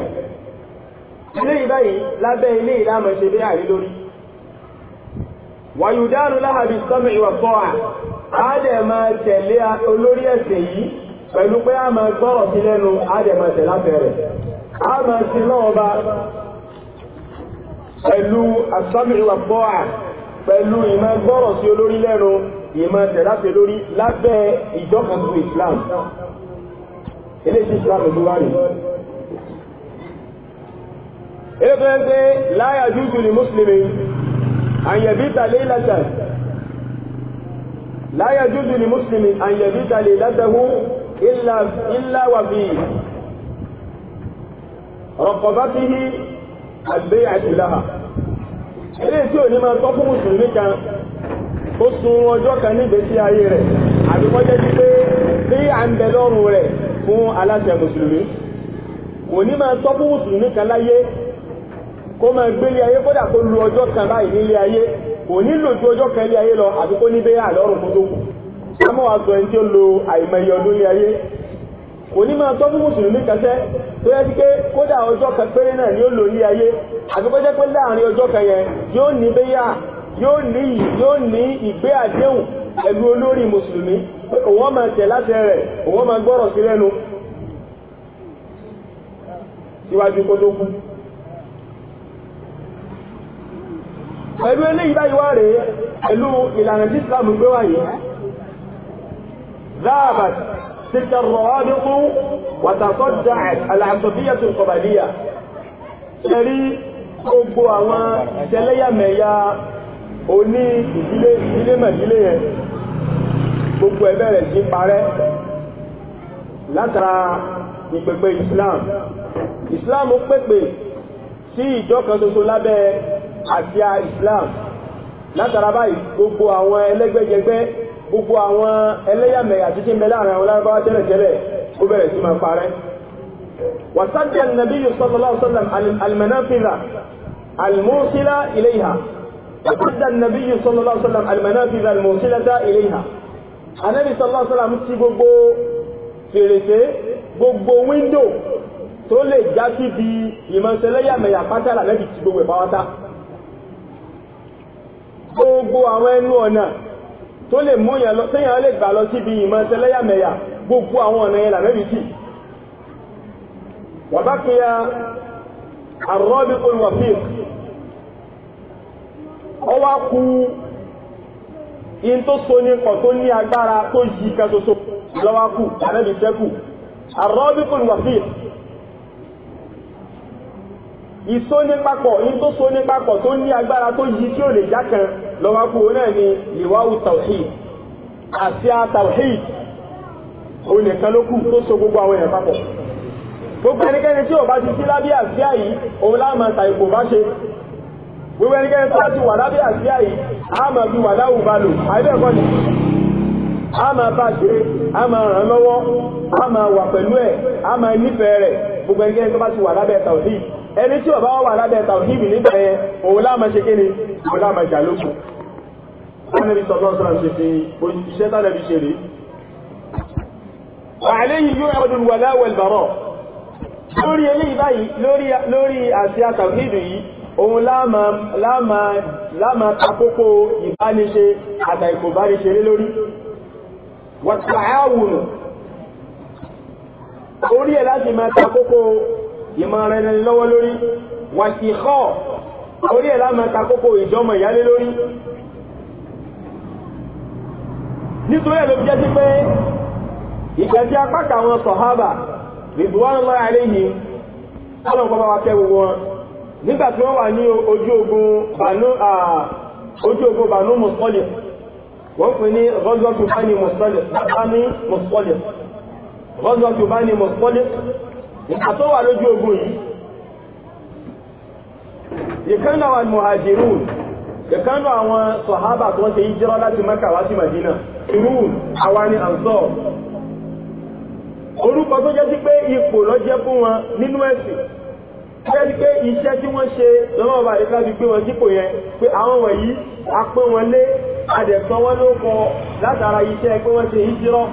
lábẹ́ ilé ìlàmọ̀ ṣe bẹ́yà rí lórí wàyùdánù láhàbí sọ́mì ìwà fọ́à á dẹ̀ máa tẹ̀lé olórí ẹ̀sìn yìí pẹ̀lú pé a máa gbọ́rọ̀ sí lẹ́nu á dẹ̀ máa á máa pẹ̀lú ìwà pẹ̀lú ìmọ̀ gbọ́rọ̀ sí olórí lẹ́nu ìmọ̀ tẹ̀láṣẹ lórí lábẹ́ ìjọkànjú Islam eléyìí Islam ló wà ní ẹgbẹ́ pé láyà jújù ní mùsùlùmí àyẹ̀bíta lélẹ́tẹ̀ láyà jújù ní mùsùlùmí àyẹ̀bíta lélẹ́tẹ̀hú ìlàwàbí rọ̀kọ̀bátíhí àgbéyàtìláhà eléyìí tí ò ní máa tọ́ fún mùsùlùmí kan ó sun ọjọ́ kan ní ìgbésí ayé rẹ̀ àbí wọ́n jẹ́ pé bí à ń bẹ lọ́rùn rẹ̀ fún aláṣẹ mùsùlùmí kò ní máa sọ fún mùsùlùmí kan láyé kó máa gbélé ayé kódà kó lu ọjọ́ kan báyìí n'i ayé kò ní lò ju ọjọ́ kan ilé ayé lọ àbí kó ní bẹ́ẹ̀ àlọ́rùn tó tó kù sámọ́ wa sọ ẹni tí ó lo àìmọye ọdún ilé ayé kò ní máa fún mùsùlùmí tó yẹ ni ó lò ilé ayé pé láàrin ọjọ́ kan yẹn yóò ní yóò ní yóò ní ìgbé àdéhùn pẹ̀lú olórí mùsùlùmí pé òun máa tẹ̀ láti rẹ̀ òun máa gbọ́rọ̀ sí lẹ́nu síwájú kó tó kú pẹ̀lú eléyìí báyìí wá rèé pẹ̀lú ìlànà tí Islam gbé wáyé ذهبت تلك الروابط وتصدعت العصبية القبلية ṣe rí gbogbo àwọn ìṣẹ̀lẹ́yàmẹ̀yà o ní ìdílé ìdílé mẹ̀dílé yẹn gbogbo ẹ̀ bẹ̀rẹ̀ sí parẹ́ látara ìpèpè Islam Islam pèpè sí ìjọ kan ṣoṣo lábẹ́ àsíá Islam látara báyìí gbogbo àwọn ẹlẹ́gbẹ́jẹgbẹ́ gbogbo àwọn ẹlẹ́yàmẹ̀yà títí ń bẹ láàrin àwọn lárúbáwá tẹ́lẹ̀tẹ́lẹ̀ ó bẹ̀rẹ̀ sí máa parẹ́ wàsájà nàbíyù sallallahu alaihi wasallam al-manafidha al-musila ilayha فقد النبي صلى الله عليه وسلم المنافذ الموصلة إليها النبي صلى الله عليه وسلم ti gbogbo fèrèsé gbogbo wíńdò tó lè já sí bí ìmọ̀sẹ̀lẹ́yàmẹ̀yà pátálà lẹ́bi ti gbogbo ìpáwátá gbogbo àwọn ẹnu ọ̀nà tó lè mú téèyàn lè gbà lọ síbi ìmọ̀sẹ̀lẹ́yàmẹ̀yà gbogbo àwọn ọ̀nà yẹn làmẹ́bi tì wàbákìyà àrọ́bí olùwàfíìkì ọ wá kú in tó so ní kan tó ní agbára tó yí kan tó so lọ́wọ́ kù ànábì sẹ́kù àrọ́bíkùn wàfíì ìsó ní papọ̀ in tó so ní papọ̀ tó ní agbára tó yí tí ò lè já kan lọ́wọ́ kù ó náà ní ìwáwù tawhid àti àtàwhid òun ló kù tó so gbogbo àwọn èèyàn papọ̀ gbogbo ẹnikẹ́ni tí ò bá ti sí lábẹ́ àsíá yìí òun láàmà tàìkò bá ṣe wíwẹ́ ní kẹ́kẹ́ tó ti wà lábẹ́ àsíá yìí a máa fi wà láwù bá lò àìbẹ́ẹ̀kọ́ ni a máa bá ṣe a máa ràn lọ́wọ́ a máa wà pẹ̀lú ẹ̀ a máa nífẹ̀ẹ́ rẹ̀ gbogbo ẹni kẹ́kẹ́ tó bá ti wà lábẹ́ tàwíì ẹni tí ọba wà lábẹ́ tàwíì nígbà yẹn òun láàmà ṣe kéde òun láàmà jà lókun sanabi sọlọ ṣe fi iṣẹ́ sanabi ṣe rè ohun láàmà takókò ìbániṣe àtàìkò bániṣe lé lórí wàtàáwùnù orí ẹ̀ láti máa takókò ìmọ̀ràn ẹni lọ́wọ́ lórí wàtíkọ́ orí ẹ̀ láàmà takókò ìjọmọ̀ ìyálé lórí nítorí ẹ̀ ló jẹ́ sí pé ìgbẹ̀jẹ́ apákà wọn sọ̀hábà rìdùwánlọ́ àríyìn ọlọ́pàá wa kẹ́ gbogbo wọn nígbà tí wọ́n wà ní ojú ogun bànú mùsọ́lẹ̀ wọ́n pè ní rọ́zọ́tù bá ní mùsọ́lẹ̀ rọ́zọ́tù bá ní mùsọ́lẹ̀ nígbà tó wà lójú ogun yìí ìkánná wà muhajirun ìkánná àwọn sọ̀hábà tó wọ́n ti hijira láti mẹ́kà wá madina irun àwa ni ansọ́ orúkọ tó jẹ́ sí pé ipò lọ jẹ́ fún wọn nínú ẹ̀sìn Bẹ́ẹ̀ni pé iṣẹ́ tí wọ́n ṣe lọ́wọ́ ọba àdéká fi gbé wọn sípò yẹn pé àwọn wọ̀nyí a pé wọn lé adẹ̀sán wọn ló kọ látara iṣẹ́ pé wọ́n ṣe ìjírọ́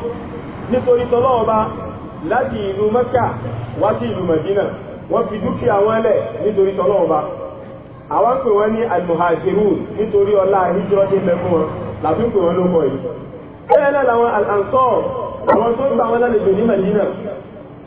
nítorí tọ́lọ́wọ́ láti ìlú Mẹ́kà wá sí ìlú Mẹ̀dínà wọ́n fi dúkìá wọn lẹ̀ nítorí tọ́lọ́wọ́ Àwọn pè wọ́n ní al nítorí ọlá ìjírọ́ tí ń bẹ fún wọn làbí pè wọ́n ló kọ yìí. Bẹ́ẹ̀ náà làwọn al àwọn tó gbà wọn lálejò ní Mẹ̀dínà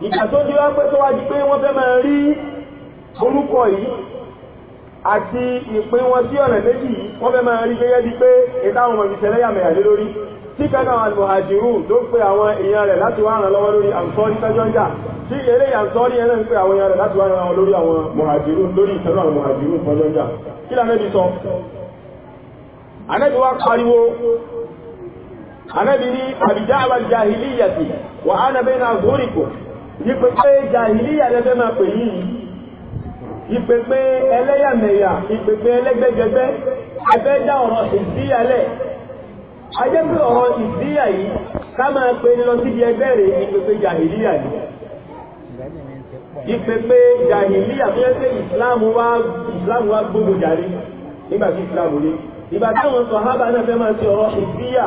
ìgbà tó di wá pé tó wá di pé wọ́n fẹ́ máa rí orúkọ yìí àti ìpín wọn sí ọ̀nà méjì yìí wọ́n fẹ́ máa rí gẹ́gẹ́ di pé ìtàwọn ọmọ ìṣẹ̀lẹ̀ yàmẹ̀yà lé lórí tí kẹ́kẹ́ àwọn alùhàjìrù tó ń pe àwọn èèyàn rẹ̀ láti wá ràn lọ́wọ́ lórí àǹsọ́rí tẹ́jọ́jà tí eré àǹsọ́rí ẹ̀rẹ́ ń pe àwọn èèyàn rẹ̀ láti wá ràn lórí àwọn mùhàjìrù lórí ìṣẹ̀lẹ̀ àwọn mùhàjìrù tẹ́jọ́jà kí lànẹ́bí sọ anẹ́bí wá pariwo anẹ́bí ní àbìjá àwàjáhìlì yàtì wà náà górìkò yípe pé jàhílíyà lẹ́fẹ́ máa pè yìí yípe pé ẹlẹ́yàmẹ̀yà yípe pé ẹlẹ́gbẹ́gbẹ́gbẹ́ ẹfẹ́ dá ọ̀rọ̀ ìdíyà lẹ̀ ajẹ́ pé ọ̀rọ̀ ìdíyà yìí ká máa pe lọ síbi ẹgbẹ́ rẹ̀ yípe pé jàhílíyà yìí yípe pé jàhílíyà tó yẹ pé ìsìláàmù wá ìsìláàmù wá gbogbo jàre nígbà tí ìsìláàmù rí ìgbà táwọn sọ̀hábà náà fẹ́ máa ti ọ̀rọ̀ ìdíyà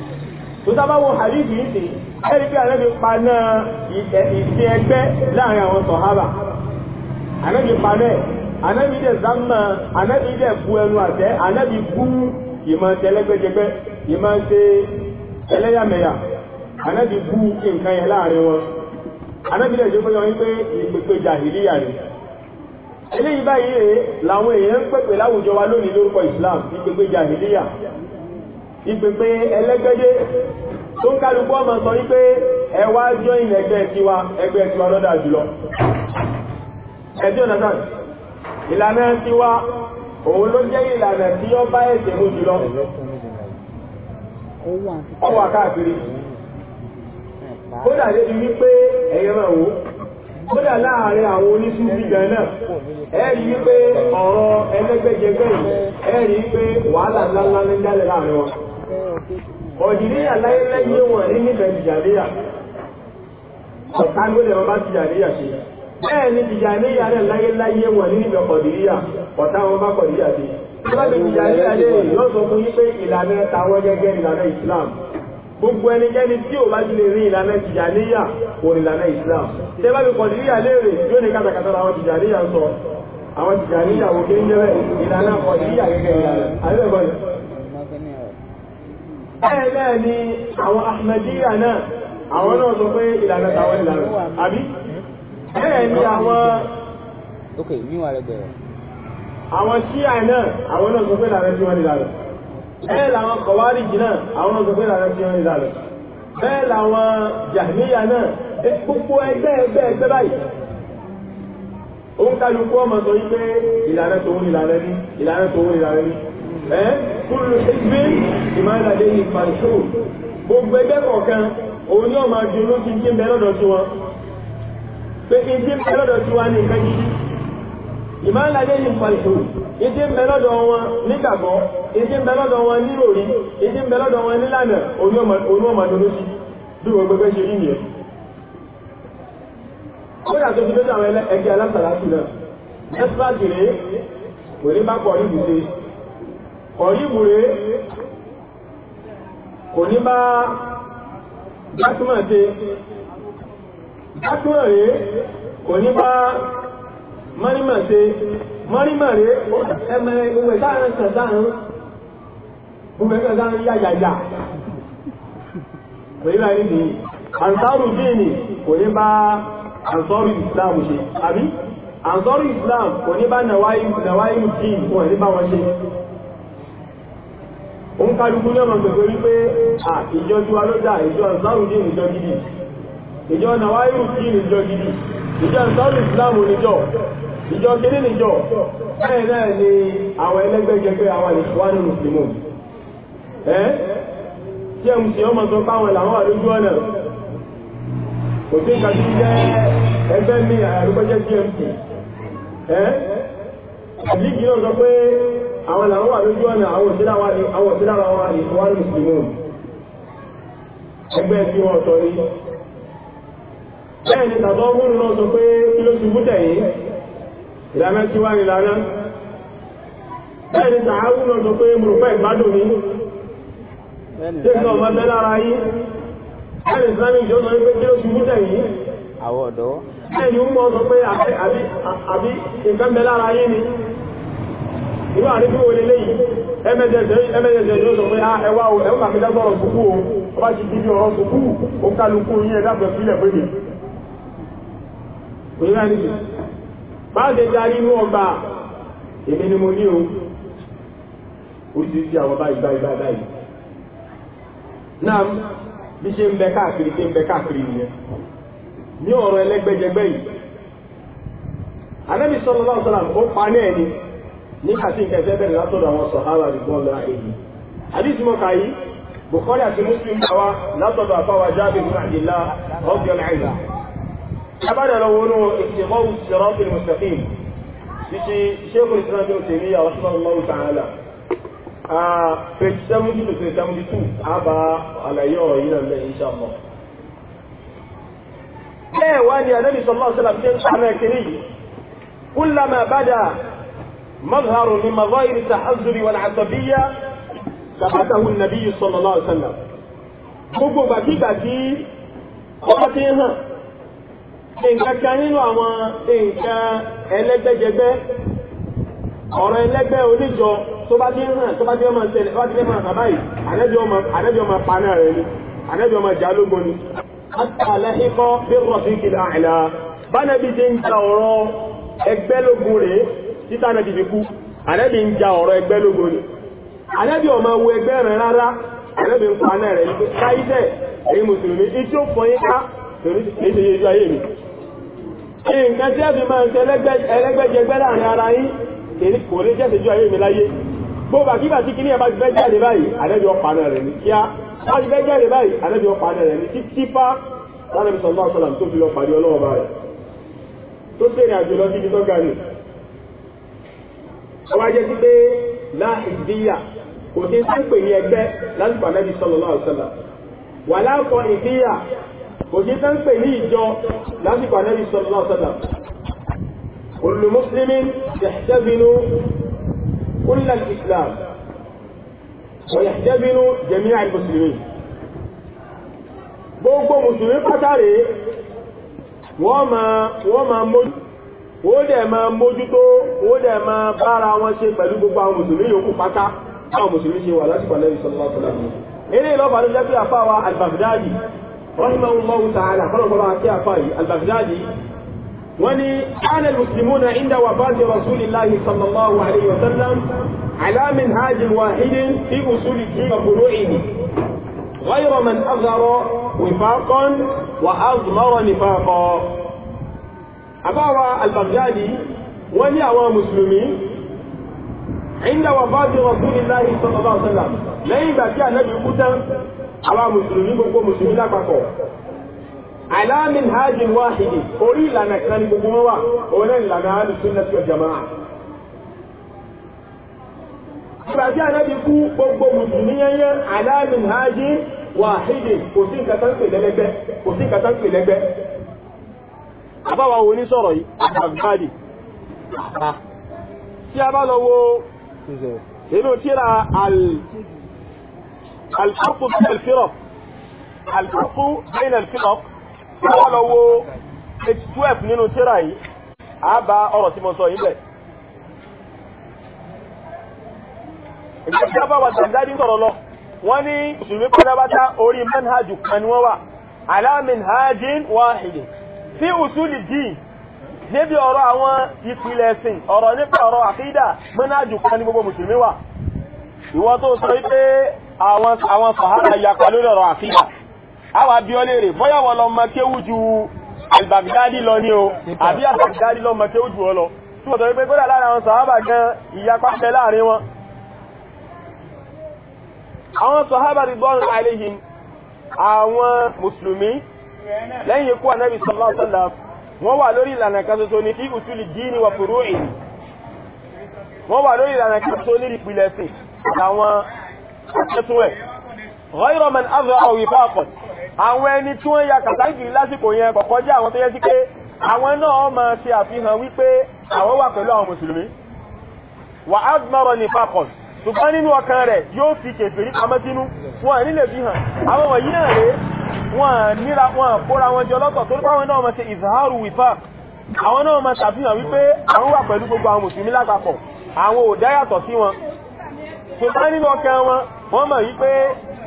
tó sábà wo hadithi yìí sí ẹ̀rí pé ànábi paná ìṣe ẹgbẹ́ láàrin àwọn sọ̀hábà ànábi paná ẹ̀ ànábi dẹ̀ zámà ànábi dẹ̀ bu ẹnu àtẹ́ ànábi bú ìmọ̀ tẹ́lẹ́gbẹ́jẹgbẹ́ ìmọ̀ ṣe ẹlẹ́yàmẹ̀yà ànábi bú nǹkan yẹn láàrin wọn ànábi dẹ̀ jókòó yọ wípé ìpèpè jàhìlíyà ni eléyìí báyìí rèé làwọn èèyàn ń pèpè láwùjọ wa lónìí lórúkọ Islam ìpèpè jàhìlíyà ìpèpè ẹlẹ́gbẹ́dẹ́ tó ń kálukú ọmọ sọ wípé ẹ wá jọ ìyìn ẹgbẹ́ tiwa ẹgbẹ́ tiwa lọ́dà jùlọ na nàtàn ìlànà tiwa òun ló jẹ́ ìlànà tí yọ bá ẹ̀sẹ̀ mú jùlọ ọwọ́ àkáàkiri kódà wípé ẹ̀yẹ máa wò kódà àwọn gan náà ọ̀rọ̀ yìí wàhálà ńláńlá ń wọn. ọ̀jìnìyà láyéláyé wọn ihe nífẹ̀ẹ́ tìjàníyà ọ̀tá ló lè ṣe bẹ́ẹ̀ ni tìjàníyà rẹ̀ láyéláyé wọn ní nífẹ̀ẹ́ kọ̀dìríyà ọba wọn ṣe bá ti tìjàníyà lè sọ fún yín pé ìlànà táwọn Islam gbogbo ẹnikẹ́ni tí bá ti lè rí ìlànà kò ìlànà Islam ṣé bá mi léèrè yóò ní kátàkátà sọ àwọn wò bẹ́ẹ̀ ìlànà gẹ́gẹ́ ìlànà bẹ́ẹ̀ náà ni àwọn ahmadiyya náà àwọn náà sọ pé ìlànà tàwọn ìlànà àbí bẹ́ẹ̀ ni àwọn àwọn ṣíà náà àwọn náà sọ pé ìlànà tí wọ́n ìlànà bẹ́ẹ̀ làwọn kọ̀wárìjì náà àwọn náà sọ pé ìlànà tí wọ́n ìlànà bẹ́ẹ̀ làwọn jahmiya náà gbogbo ẹgbẹ́ ẹgbẹ́ ẹgbẹ́ báyìí òun kálukú ọmọ sọ yí pé ìlànà tòun ìlànà ní ìlànà tòun ìlànà ní ẹ́ kúrò ṣíṣbí ìmáàlá lè ní pàṣọ gbogbo ẹgbẹ́ kọ̀ọ̀kan òun yóò máa ju inú ti jíǹbẹ lọ́dọ̀ sí wọn pé kí jíǹbẹ lọ́dọ̀ sí wa ní nǹkan gidi ìmáàlá lè ní pàṣọ ìjíǹbẹ lọ́dọ̀ wọn nígbàgbọ́ ìjíǹbẹ lọ́dọ̀ wọn níròrí ìjíǹbẹ lọ́dọ̀ wọn nílànà òun yóò máa dúró sí bí wọ́n gbẹgbẹ́ ṣe rí nìyẹn kódà tó ti dé àwọn ẹgbẹ́ alásàlásì náà ẹ́sìpáàtì rèé kò ní bá pọ̀ ní ìbùsẹ̀ kọ̀ríbùré kò ní bá gbásùmọ̀ ṣe gbásùmọ̀ rẹ̀ kò ní bá mọ́rímọ̀ ṣe mọ́rímọ̀ rẹ̀ ẹmẹ ìwẹ̀ sáàrín kan sáàrín gbogbo ẹ̀kan sáàrín yáyàyà pẹ̀lú àrí ni àǹsárù díìnì kò ní bá àǹsárù Islam ṣe àbí àǹsárù Islam kò ní bá nàwáyé nàwáyé díìnì kò ní bá wọn ṣe òun kálukú náà mọ̀ gbẹ̀gbẹ̀ wípé à ìjọ tiwa ló ìjọ ìsáàrù dín ìjọ gidi ìjọ nàwáírù kí ìjọ gidi ìjọ ìsáàrù ìsìláàmù níjọ ìjọ kiri níjọ bẹ́ẹ̀ náà ni àwọn ẹlẹ́gbẹ́jẹgbẹ́ àwọn ìṣúwánù mùsùlùmù ẹ́ tí ẹ̀ mùsùlùmù ọmọ sọ páwọn làwọn wà lójú ọ̀nà kò sí nǹkan tí jẹ́ ẹgbẹ́ mi àyàrúgbọ́jẹ́ tmt ẹ́ àbíkì náà sọ pé àwọn làwọn wà lójú ọ̀nà àwọn òṣèlú àwọn òṣèlú àwọn àwọn ìwà mùsùlùmù ẹgbẹ́ tí wọ́n sọ ní. bẹ́ẹ̀ ni tàbá ọgbọ́n náà sọ pé kí ló ṣubú tẹ̀yìn ìlànà tí wá ní lánàá. bẹ́ẹ̀ ni tàbá náà sọ pé mo rò pé ìgbádùn mi. irú àrífí wo lè léyìí ẹmẹ́jẹsẹ̀ yóò sọ pé ah, á ẹwà o ẹwà mi o ọba bí o ṣe o ń bẹ káàkiri ṣe ń bẹ káàkiri ní ọ̀rọ̀ ẹlẹ́gbẹ́jẹgbẹ́ yìí ó nígbà tí nǹkan ẹ̀fẹ́ bẹ̀rẹ̀ látọ̀dọ̀ àwọn sọ̀hárà rìbọn lọ àyè àdìsí mọ̀ká yìí bukhari àti muslim àwa látọ̀dọ̀ àfáwà jáde ní àdìlá ọ̀gbìn àìlà abáda lọ wọnú ìṣèkọ́ sirati mustaqim títí sheikh islam bin tèmíyà rahimahullah ta'ala page seventy to seventy two àbá àlàyé ọ̀rọ̀ yìí náà lẹ́yìn insha Allah bẹ́ẹ̀ مظهر من مظاهر التحذر والعصبية ثبته النبي صلى الله عليه وسلم gbogbo gbàgbígbà tí ọba ti ń hàn nǹkan kan nínú àwọn nǹkan ẹlẹ́gbẹ́jẹgbẹ́ ọ̀rọ̀ ẹlẹ́gbẹ́ oníjọ tó bá ti ń hàn tó bá ti ń máa ṣẹlẹ̀ tó bá ti ń máa sábà yìí ànẹ́jọ́ máa paná rẹ̀ ni ànẹ́jọ́ máa jà lógun ni. àtàlẹ́hìnkọ́ bí rọ̀fíkì láàlá bá nàbí ti ń ta ọ̀rọ̀ ẹgbẹ́ lógun rèé títà nẹ́bí fi kú ànẹ́bí ń ja ọ̀rọ̀ ẹgbẹ́ lógo ni ànẹ́bí ọmọ wo ẹgbẹ́ rẹ̀ rárá ànẹ́bí ń pa náà rẹ̀ ní pé káyíṣẹ́ èyí mùsùlùmí ìtí ó fọyín ká torí kìí ṣe yéjú ayé mi nǹkan tí ẹ̀fì máa ń ṣe ẹlẹ́gbẹ́jẹgbẹ́ láàrin ara yín kò ní jẹ́ ṣèjú ayé mi láyé gbogbo àkíbà tí kìíní ẹ̀bá ti fẹ́ jáde báyìí ànẹ́bí ọ̀pá náà rẹ̀ ní kíá bá ti fẹ́ jáde báyìí ànẹ́bí ọ̀pá náà rẹ̀ ní títí fá lánàbí sọ̀rọ̀ ọwọ́ ajẹ́ sí pé láìdíyà kò sí sáńpè ní ẹgbẹ́ lásìkò ànábì sallallahu alaihi wasallam wà láàkọ ìdíyà kò sí sáńpè ní ìjọ lásìkò ànábì sallallahu alaihi wasallam kullu muslimin yahtabinu kulla al-islam wa yahtabinu jami'a al-muslimin gbogbo mùsùlùmí pátá rèé wọ́n máa mójú wọ́n dẹ̀ máa mójútó wọ́n dẹ̀ máa bára wọn ṣe pẹ̀lú gbogbo àwọn mùsùlùmí yòókù pátá báwọn mùsùlùmí ṣe wà lásìkò alẹ́ ìṣọ́lá ọ̀tọ̀lá eré ìlọ́pàá ló jẹ́ pé àfa wa al-Baghdadi rahimahullahu ta'ala kọ́lọ̀kọ́lọ́ àti àfa yìí al-Baghdadi wọ́n ní ana al-muslimuna inda wafati rasulillahi sallallahu alayhi wa sallam ala minhaj wahidin fi usuli ti wa furu'ihi ghayra man azhara wifaqan wa azmara nifaqan àbáwa al-Baghdadi wọ́n ní àwọn mùsùlùmí ìdáwà bá ti Rasulillah sallallahu alaihi wasallam lẹ́yìn ìgbà tí ànábì kú tán àwọn mùsùlùmí gbogbo mùsùlùmí lápapọ̀ ala minhajin wahidi orí ìlànà kan ní gbogbo wọn wà òun náà ìlànà al-sunnah wal jamaa'ah ìgbàtí ànábì kú gbogbo mùsùlùmí yẹnyẹ ala minhajin wahidi kò sí nǹkan tán pè lẹ́gbẹ́ kò sí nǹkan tán pè lẹ́gbẹ́ àbáwà wo ní sọ̀rọ̀ yìí àbáàdì tí a bá lọ wo inú tíra al-farqu bayna al-firaq al-farqu bayna al-firaq tí a bá lọ wo page twelve nínú tíra yìí a bá ọ̀rọ̀ tí mo sọ yìí bẹ̀. ìgbà tí a bá wà sàgbádì sọ̀rọ̀ lọ wọ́n ní mùsùlùmí pátápátá orí manhajù kan wọ́n wà ala minhajin wahidin fi usuli dín níbi ọ̀rọ̀ àwọn ìpìlẹ̀ ẹ̀sìn ọ̀rọ̀ nípa ọ̀rọ̀ àkídà mọ́nájú kan ní gbogbo mùsùlùmí wà ìwọ́n tó sọ wípé àwọn sàhárà yapa lórí ọ̀rọ̀ àkídà àwa bí ọ léèrè bóyá wọ́n lọ mọ kéwú ju albagdadi lọ ní o àbí albagdadi lọ mọ kéwú ju ọ lọ tí wọ́n sọ wípé kódà lára àwọn sàhábà gan ìyapa bẹ láàrin wọn àwọn sàhábà rí bọ́ọ̀lù àìlèyìn àwọn mùsùlùmí lẹ́yìn ikú anabi sallallahu alaihi wasallam wọ́n wà lórí ìlànà kan tuntun ní fi usuli díìnì wà fúrú èyí wọ́n wà lórí ìlànà kan tuntun ní ìpìlẹ̀ sí àwọn ẹ̀tún ẹ̀ ghayra man azra'a wifaqan àwọn ẹni tí wọ́n ya kàtàkì lásìkò yẹn kọ̀kọ́ jẹ́ àwọn tó yẹ sí pé àwọn náà máa ṣe àfihàn wípé àwọn wà pẹ̀lú àwọn mùsùlùmí wà azmara nifaqan ṣùgbọ́n nínú ọkàn rẹ̀ yóò fi kèfèrí pamọ́ sínú wọn ní lè fi hàn àwọn wọ̀nyí náà rèé wọ́n níra wọ́n kóra wọn jọ lọ́tọ̀ torí pé àwọn náà máa ṣe ìzáàrù wifaq àwọn náà máa ṣàfihàn wípé àwọn wà pẹ̀lú gbogbo àwọn mùsùlùmí lápapọ̀ àwọn ò dáyàtọ̀ sí wọn ṣùgbọ́n nínú ọkàn wọn wọ́n mọ̀ wípé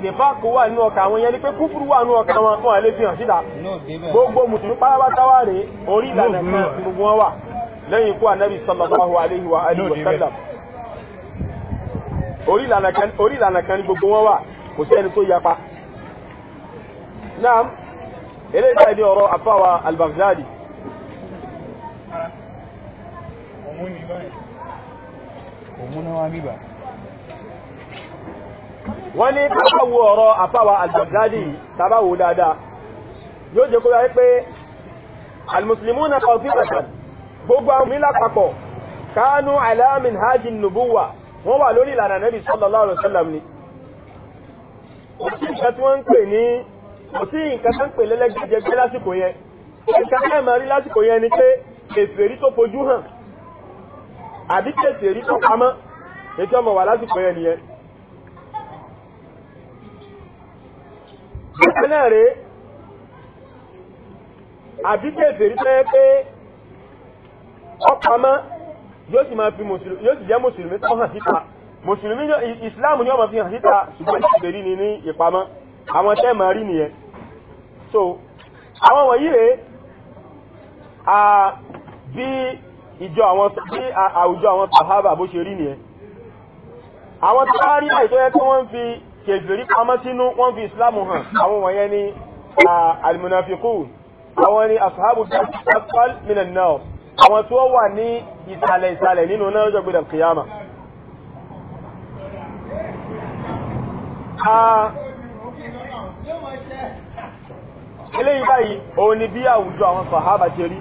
nifaq wà nínú ọkàn wọn yẹn ni pé kúfùrù wà nínú ọkàn wọn fún àlẹ́ fihàn síta gbogbo mùsùlùmí pátápátáwà rèé orí ìlànà kan gbogbo wọn wà lẹ́yìn ikú ànábì sallallahu alaihi wa alihi wa sallam orí ìlànà kan ní gbogbo wọn wà kò sí ẹni tó yapa naam eléyìí báyìí ní ọ̀rọ̀ àfáwà al-Baghdadi wọ́n ní tàbáwò ọ̀rọ̀ àfáwà al-Baghdadi tàbáwò dáadáa yóò jẹ́ kó yá pé al-muslimuna qasiratan gbogbo àwọn mílá papọ̀ kánú ala minhaji nubuwa wọ́n wà lórí ìlànà Nabi sallallahu alaihi wasallam ni kò sí nǹkan tán pè lẹ́lẹ́gbẹ̀jẹgbẹ́ lásìkò yẹn nǹkan tán máa rí lásìkò yẹn ni pé kèfèrí tó fojú hàn àbí kèfèrí tó pamọ́ ètò ọmọ wà lásìkò yẹn nìyẹn ìpínlẹ̀ rẹ̀ àbí kèfèrí tó yẹ pé ọpamọ́ yóò sì máa fi mùsùlùmí yóò sì jẹ́ mùsùlùmí tó hàn síta mùsùlùmí ìsìláàmù ni wọ́n máa fi hàn síta ṣùgbọ́n ìṣèlérí ni ní ìpamọ́ àwọn tẹ́ máa rí nìyẹn so àwọn wọ̀nyí rèé bí ìjọ àwọn bí àwùjọ àwọn sàhábà bó ṣe rí nìyẹn àwọn tí wọ́n rí láì tó yẹ kí wọ́n fi kèfèrí pamọ́ sínú wọ́n fi ìsìlámù hàn àwọn wọ̀nyẹn ni almunafiqun àwọn ni ashabu asfal minan nar àwọn tí wọ́n wà ní ìsàlẹ̀ ìsàlẹ̀ nínú náà lọ́jọ́ gbẹ̀dẹ̀ eléyìí báyìí òun ni bí àwùjọ àwọn sàhábà ṣe rí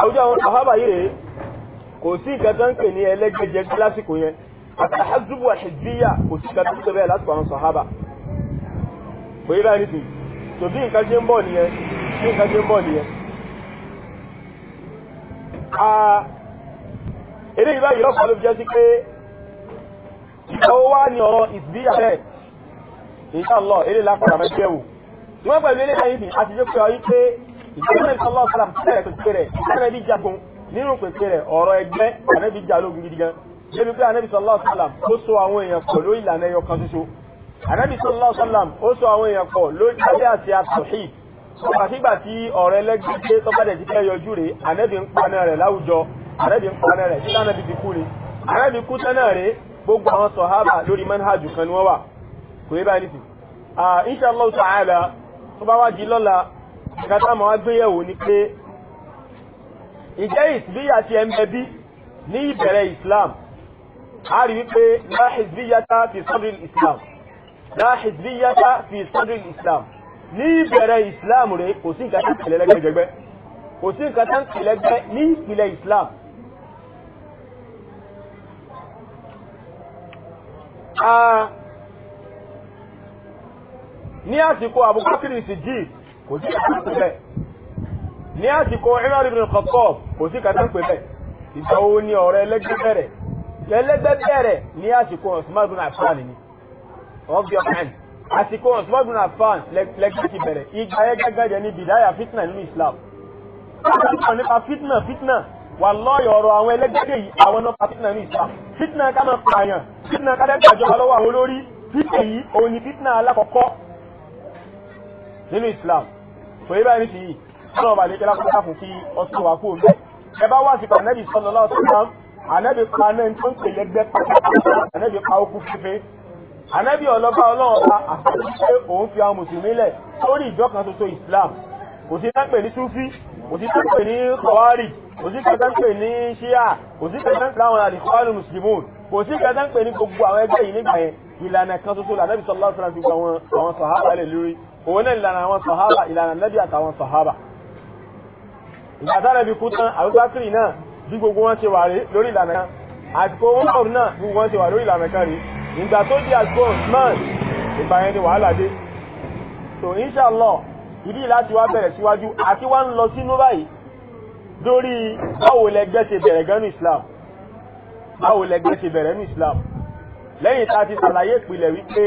àwùjọ àwọn sàhábà yìí rèé kò sí nǹkan tó ń pè ní ẹlẹ́gbẹ́jẹgbẹ́ lásìkò yẹn àtàhàzùbù àṣìbíyà kò sí nǹkan tó ń pè bẹ́ẹ̀ lásìkò àwọn sàhábà kò yí báyìí nìsín tó bí nǹkan ṣe ń bọ̀ nìyẹn bí nǹkan ṣe ń bọ̀ nìyẹn. eléyìí báyìí lọ́kọ̀ọ́ ló fi jẹ́ sí pé ìgbà wo wá ní ọ̀rọ̀ ìsbíyà bẹ́ẹ̀ inshallah eléyìí wọ́n pẹ̀lú ilé ayé bìí àti ìjókòó ayé pé ìgbésẹ̀ sọlọ́ sọlá pẹ̀lẹ́ pèsè rẹ̀ ànábì jagun nínú pèsè rẹ̀ ọ̀rọ̀ ẹgbẹ́ ànábì jà lógun gidi gan débi pé ànábì sọlọ́ sọlá ó so àwọn èèyàn pọ̀ lórí ìlànà ẹyọ kan ṣoṣo ànábì sọlọ́ sọlá ó so àwọn èèyàn pọ̀ lórí abẹ́ àti àtọ̀hì àfìgbà tí ọ̀rọ̀ ẹlẹ́gbẹ́ tọ́pẹ́dẹ̀ ti fẹ́ yọjú rẹ̀ ànábì ń paná rẹ̀ láwùjọ ànábì ń paná rẹ̀ títí ànábì fi kú ni ànábì kú tánà rẹ̀ gbogbo àwọn sọ̀hábà lórí manhajù kan ni wọ́n wà kò yẹ báyìí nìsí. Ah, insha Allah tó bá wá di lọ́la ìkàtà máa gbéyẹ̀wò ni pé ìjẹ́ ìsìbíyà ti ẹ̀mẹ́ bí ní ìbẹ̀rẹ̀ Islam a rí wípé la hizbiyata fi sadril Islam la hizbiyata fi sadril Islam ní ìbẹ̀rẹ̀ Islam rẹ̀ kò sí nǹkan tán kìlẹ̀lẹ́gbẹ̀jẹ̀gbẹ́ kò sí nǹkan tán kìlẹ̀gbẹ̀ ní ìpìlẹ̀ Islam ah ní àsìkò Abubakar Siddiq kò sí kàtà pé bẹ́ẹ̀ ní àsìkò Umar ibn Khattab kò sí kàtà pé bẹ́ẹ̀ ìgbà wo ni ọ̀rọ̀ ẹlẹ́gbẹ́ bẹ̀rẹ̀ ẹlẹ́gbẹ́ bẹ̀rẹ̀ ní àsìkò Usman ibn Affan ni wọ́n fi ọkàn àsìkò Usman ibn Affan lẹ́gbẹ́ ti bẹ̀rẹ̀ ìgbà yẹn gẹ́gẹ́ ní bìdáyà fitna nínú Islam wọ́n nípa fitna fitna wallahi ọ̀rọ̀ àwọn ẹlẹ́gbẹ́dẹ́ yìí àwọn ọ̀nà fitna ní ìsá fitna ká máa pààyàn fitna ká dẹ́gbàjọba lọ́wọ́ àwọn olórí fitna yìí òun ni fitna alákọ̀ọ́kọ́ nínú Islam kò yí báyìí nìsíyìí sọ́nà ọba àlékẹ́lá kó káfù kí ọtún wà kúrò mẹ́ ẹ bá wá sípò ànẹ́bì sọ́nà láwọn tó kàn ànẹ́bì pa náà tó ń pè lẹ́gbẹ́ pátápátá ànẹ́bì pa okú fífẹ́ ànẹ́bì ọlọ́ba ọlọ́ọ̀ba àfẹ́sí pé òun fi àwọn mùsùlùmí lẹ̀ sórí ìjọ kan ṣoṣo Islam kò sí tẹ́ ń pè ní Sufi kò sí tẹ́ ń pè ní kọ̀wárì kò sí tẹ́ ń pè ní ṣíà kò sí tẹ́ ń pè láwọn àdìkọ́wárì mùsùlùmí kò sí tẹ́ ń pè ní gbogbo àwọn ẹgbẹ́ yìí nígbà yẹn ìlànà kan ṣoṣo lànàbì sọ́lá òun náà ìlànà àwọn sàhábà ìlànà nẹ́bí àtàwọn ìgbàtàrà bí kú tán náà bí gbogbo wọn ṣe wà rí lórí ìlànà kan àsìkò umar náà bí wọn ṣe wà lórí ìlànà kan rí ìgbà tó di àsìkò usman ìgbà yẹn ni wàhálà dé so inshallah ibi láti wá bẹ̀rẹ̀ síwájú àti wá ń lọ sínú báyìí lórí báwo lẹgbẹ́ ṣe bẹ̀rẹ̀ gan ní islam báwo lẹgbẹ́ ṣe bẹ̀rẹ̀ ní islam lẹ́yìn tá a ti ṣàlàyé ìpìlẹ̀ wípé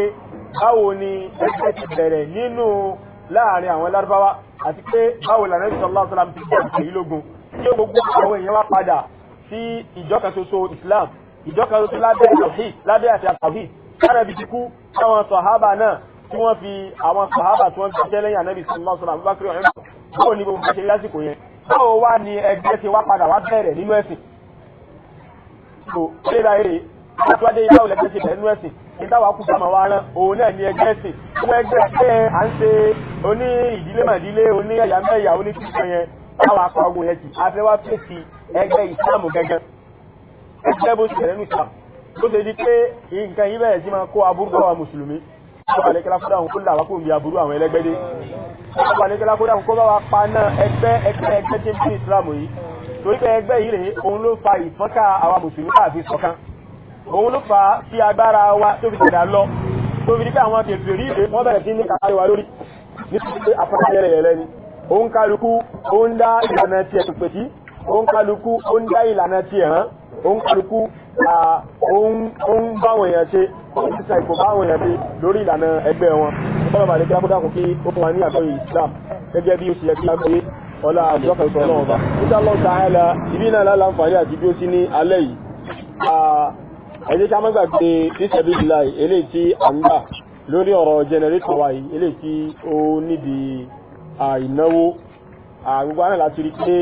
báwo ni ẹgbẹ́ ti bẹ̀rẹ̀ nínú láàrin àwọn lárúbáwá àti pé báwo lànà ìṣọ̀ lọ́sọ̀lá ti jẹ́ àṣẹ yìí lógun tí ó gbogbo àwọn èèyàn wá padà sí ìjọkan ṣoṣo Islam ìjọkan ṣoṣo lábẹ́ àtàwí lábẹ́ àti àtàwí kárẹ̀bì ti kú táwọn sọ̀hábà náà tí wọ́n fi àwọn sọ̀hábà tí wọ́n fi jẹ́ lẹ́yìn ànábì sọ̀lọ́sọ̀lá Abubakar ọ̀hún báwo ni gbogbo ṣe lásìkò yẹn báwo wá ni ẹgbẹ́ ti wá padà wá bẹ̀rẹ̀ nínú ẹ̀sìn ìtawà kù sọmọ wa rán òun náà ní ẹgbẹ́ ẹ̀sìn fún ẹgbẹ́ pé à ń ṣe oní ìdílé màdílé oní ẹ̀yà mẹ́yà oní kíkan yẹn táwa kọ ọgbọ̀n yẹn jì afẹ́wà fèsì ẹgbẹ́ ìsìlámù gẹ́gẹ́ ẹgbẹ́ bó ṣe rẹ̀ nù tó ṣe di pé nǹkan yìí bẹ̀rẹ̀ sí máa kó aburú bá wa mùsùlùmí àwọn àlékẹ́lá kó dáhùn kó là wá kó ń bi aburú àwọn ẹlẹ́gbẹ́ wa pa náà ẹgbẹ́ ẹgbẹ́ ẹgbẹ́ tí ń bí ìsìlámù yìí torí pé ẹgbẹ́ yìí rèé òun fa ìfọ́nká àwọn mùsùlùmí káàfin sọ̀kan òun ló fà á sí agbára wa tó fi tẹ̀dá lọ tó fi di pé àwọn kèfèrí ìlú wọ́n bẹ̀rẹ̀ sí ní kàkàrí wa lórí nítorí pé àfọ́nayẹrẹ yẹrẹ ni òun kálukú ó ń dá ìlànà tiẹ̀ tó pèjì òun kálukú ó ń dá ìlànà tiẹ̀ hàn òun kálukú òun báwọn èèyàn ṣe òun ti sa ìkó báwọn èèyàn ṣe lórí ìlànà ẹgbẹ́ wọn bọ́lá bàdé kí abúdá kò kí ó fún wa ní àgbọ̀ Islam gẹ́gẹ́ bí ó ṣe yẹ kí agbóyé ọlá àjọ sọ náà bá. nígbà lọ́ta àyàlà ìbí náà lálàǹfààní àti bí ó sí ní alẹ́ yìí ẹ jẹ́ ká má gbàgbé ìṣẹ́bí july eléyìí tí a ń gbà lórí ọ̀rọ̀ jẹnẹrétọ̀ wa yìí eléyìí tí ó nídi ìnáwó àgbogbo àná láti rí pé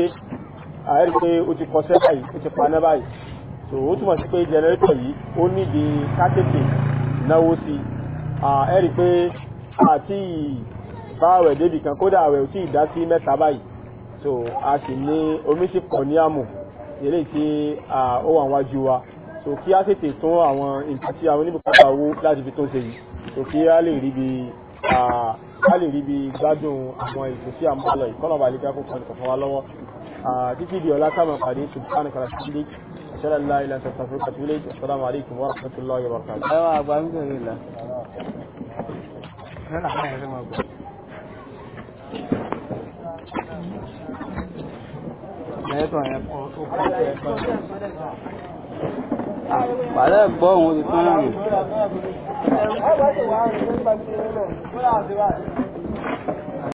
àárí pé ó ti kọsẹ́ báyìí ó ti paná báyìí so ó túmọ̀ sí pé jẹnẹrétọ̀ yìí ó nídi kákéèké náwó sí ẹ rí pé àti bá àwẹ̀ débì kan kódà àwẹ̀ ò tí ì dá sí mẹ́ta báyìí so a sì ní omi sì pọ̀ ní àmù eléyìí tí ó wà wájú wa so kí á tètè tún àwọn nǹkan tí àwọn oníbùkátà owó láti fi tún ṣe yìí so kí á lè rí bí a lè rí bí gbádùn àwọn ètò tí à ń bá lọ yìí kọ́nà balẹ̀ kẹ́kọ̀ọ́ kan kọ̀ọ̀kan wá lọ́wọ́ títí di ọ̀la táwọn pàdé ṣùgbọ́n kàrà sí ilé ṣẹlẹ̀ ńlá ilẹ̀ ṣàtàkùn kàtúlẹ̀ assalamu alaikum wa rahmatullahi wa barakatuh. ẹ wá àgbà ń bẹ̀rẹ̀ ìlà. Đấy, toàn em có, có, Bàdá gbọ́ òun ti tán rìn.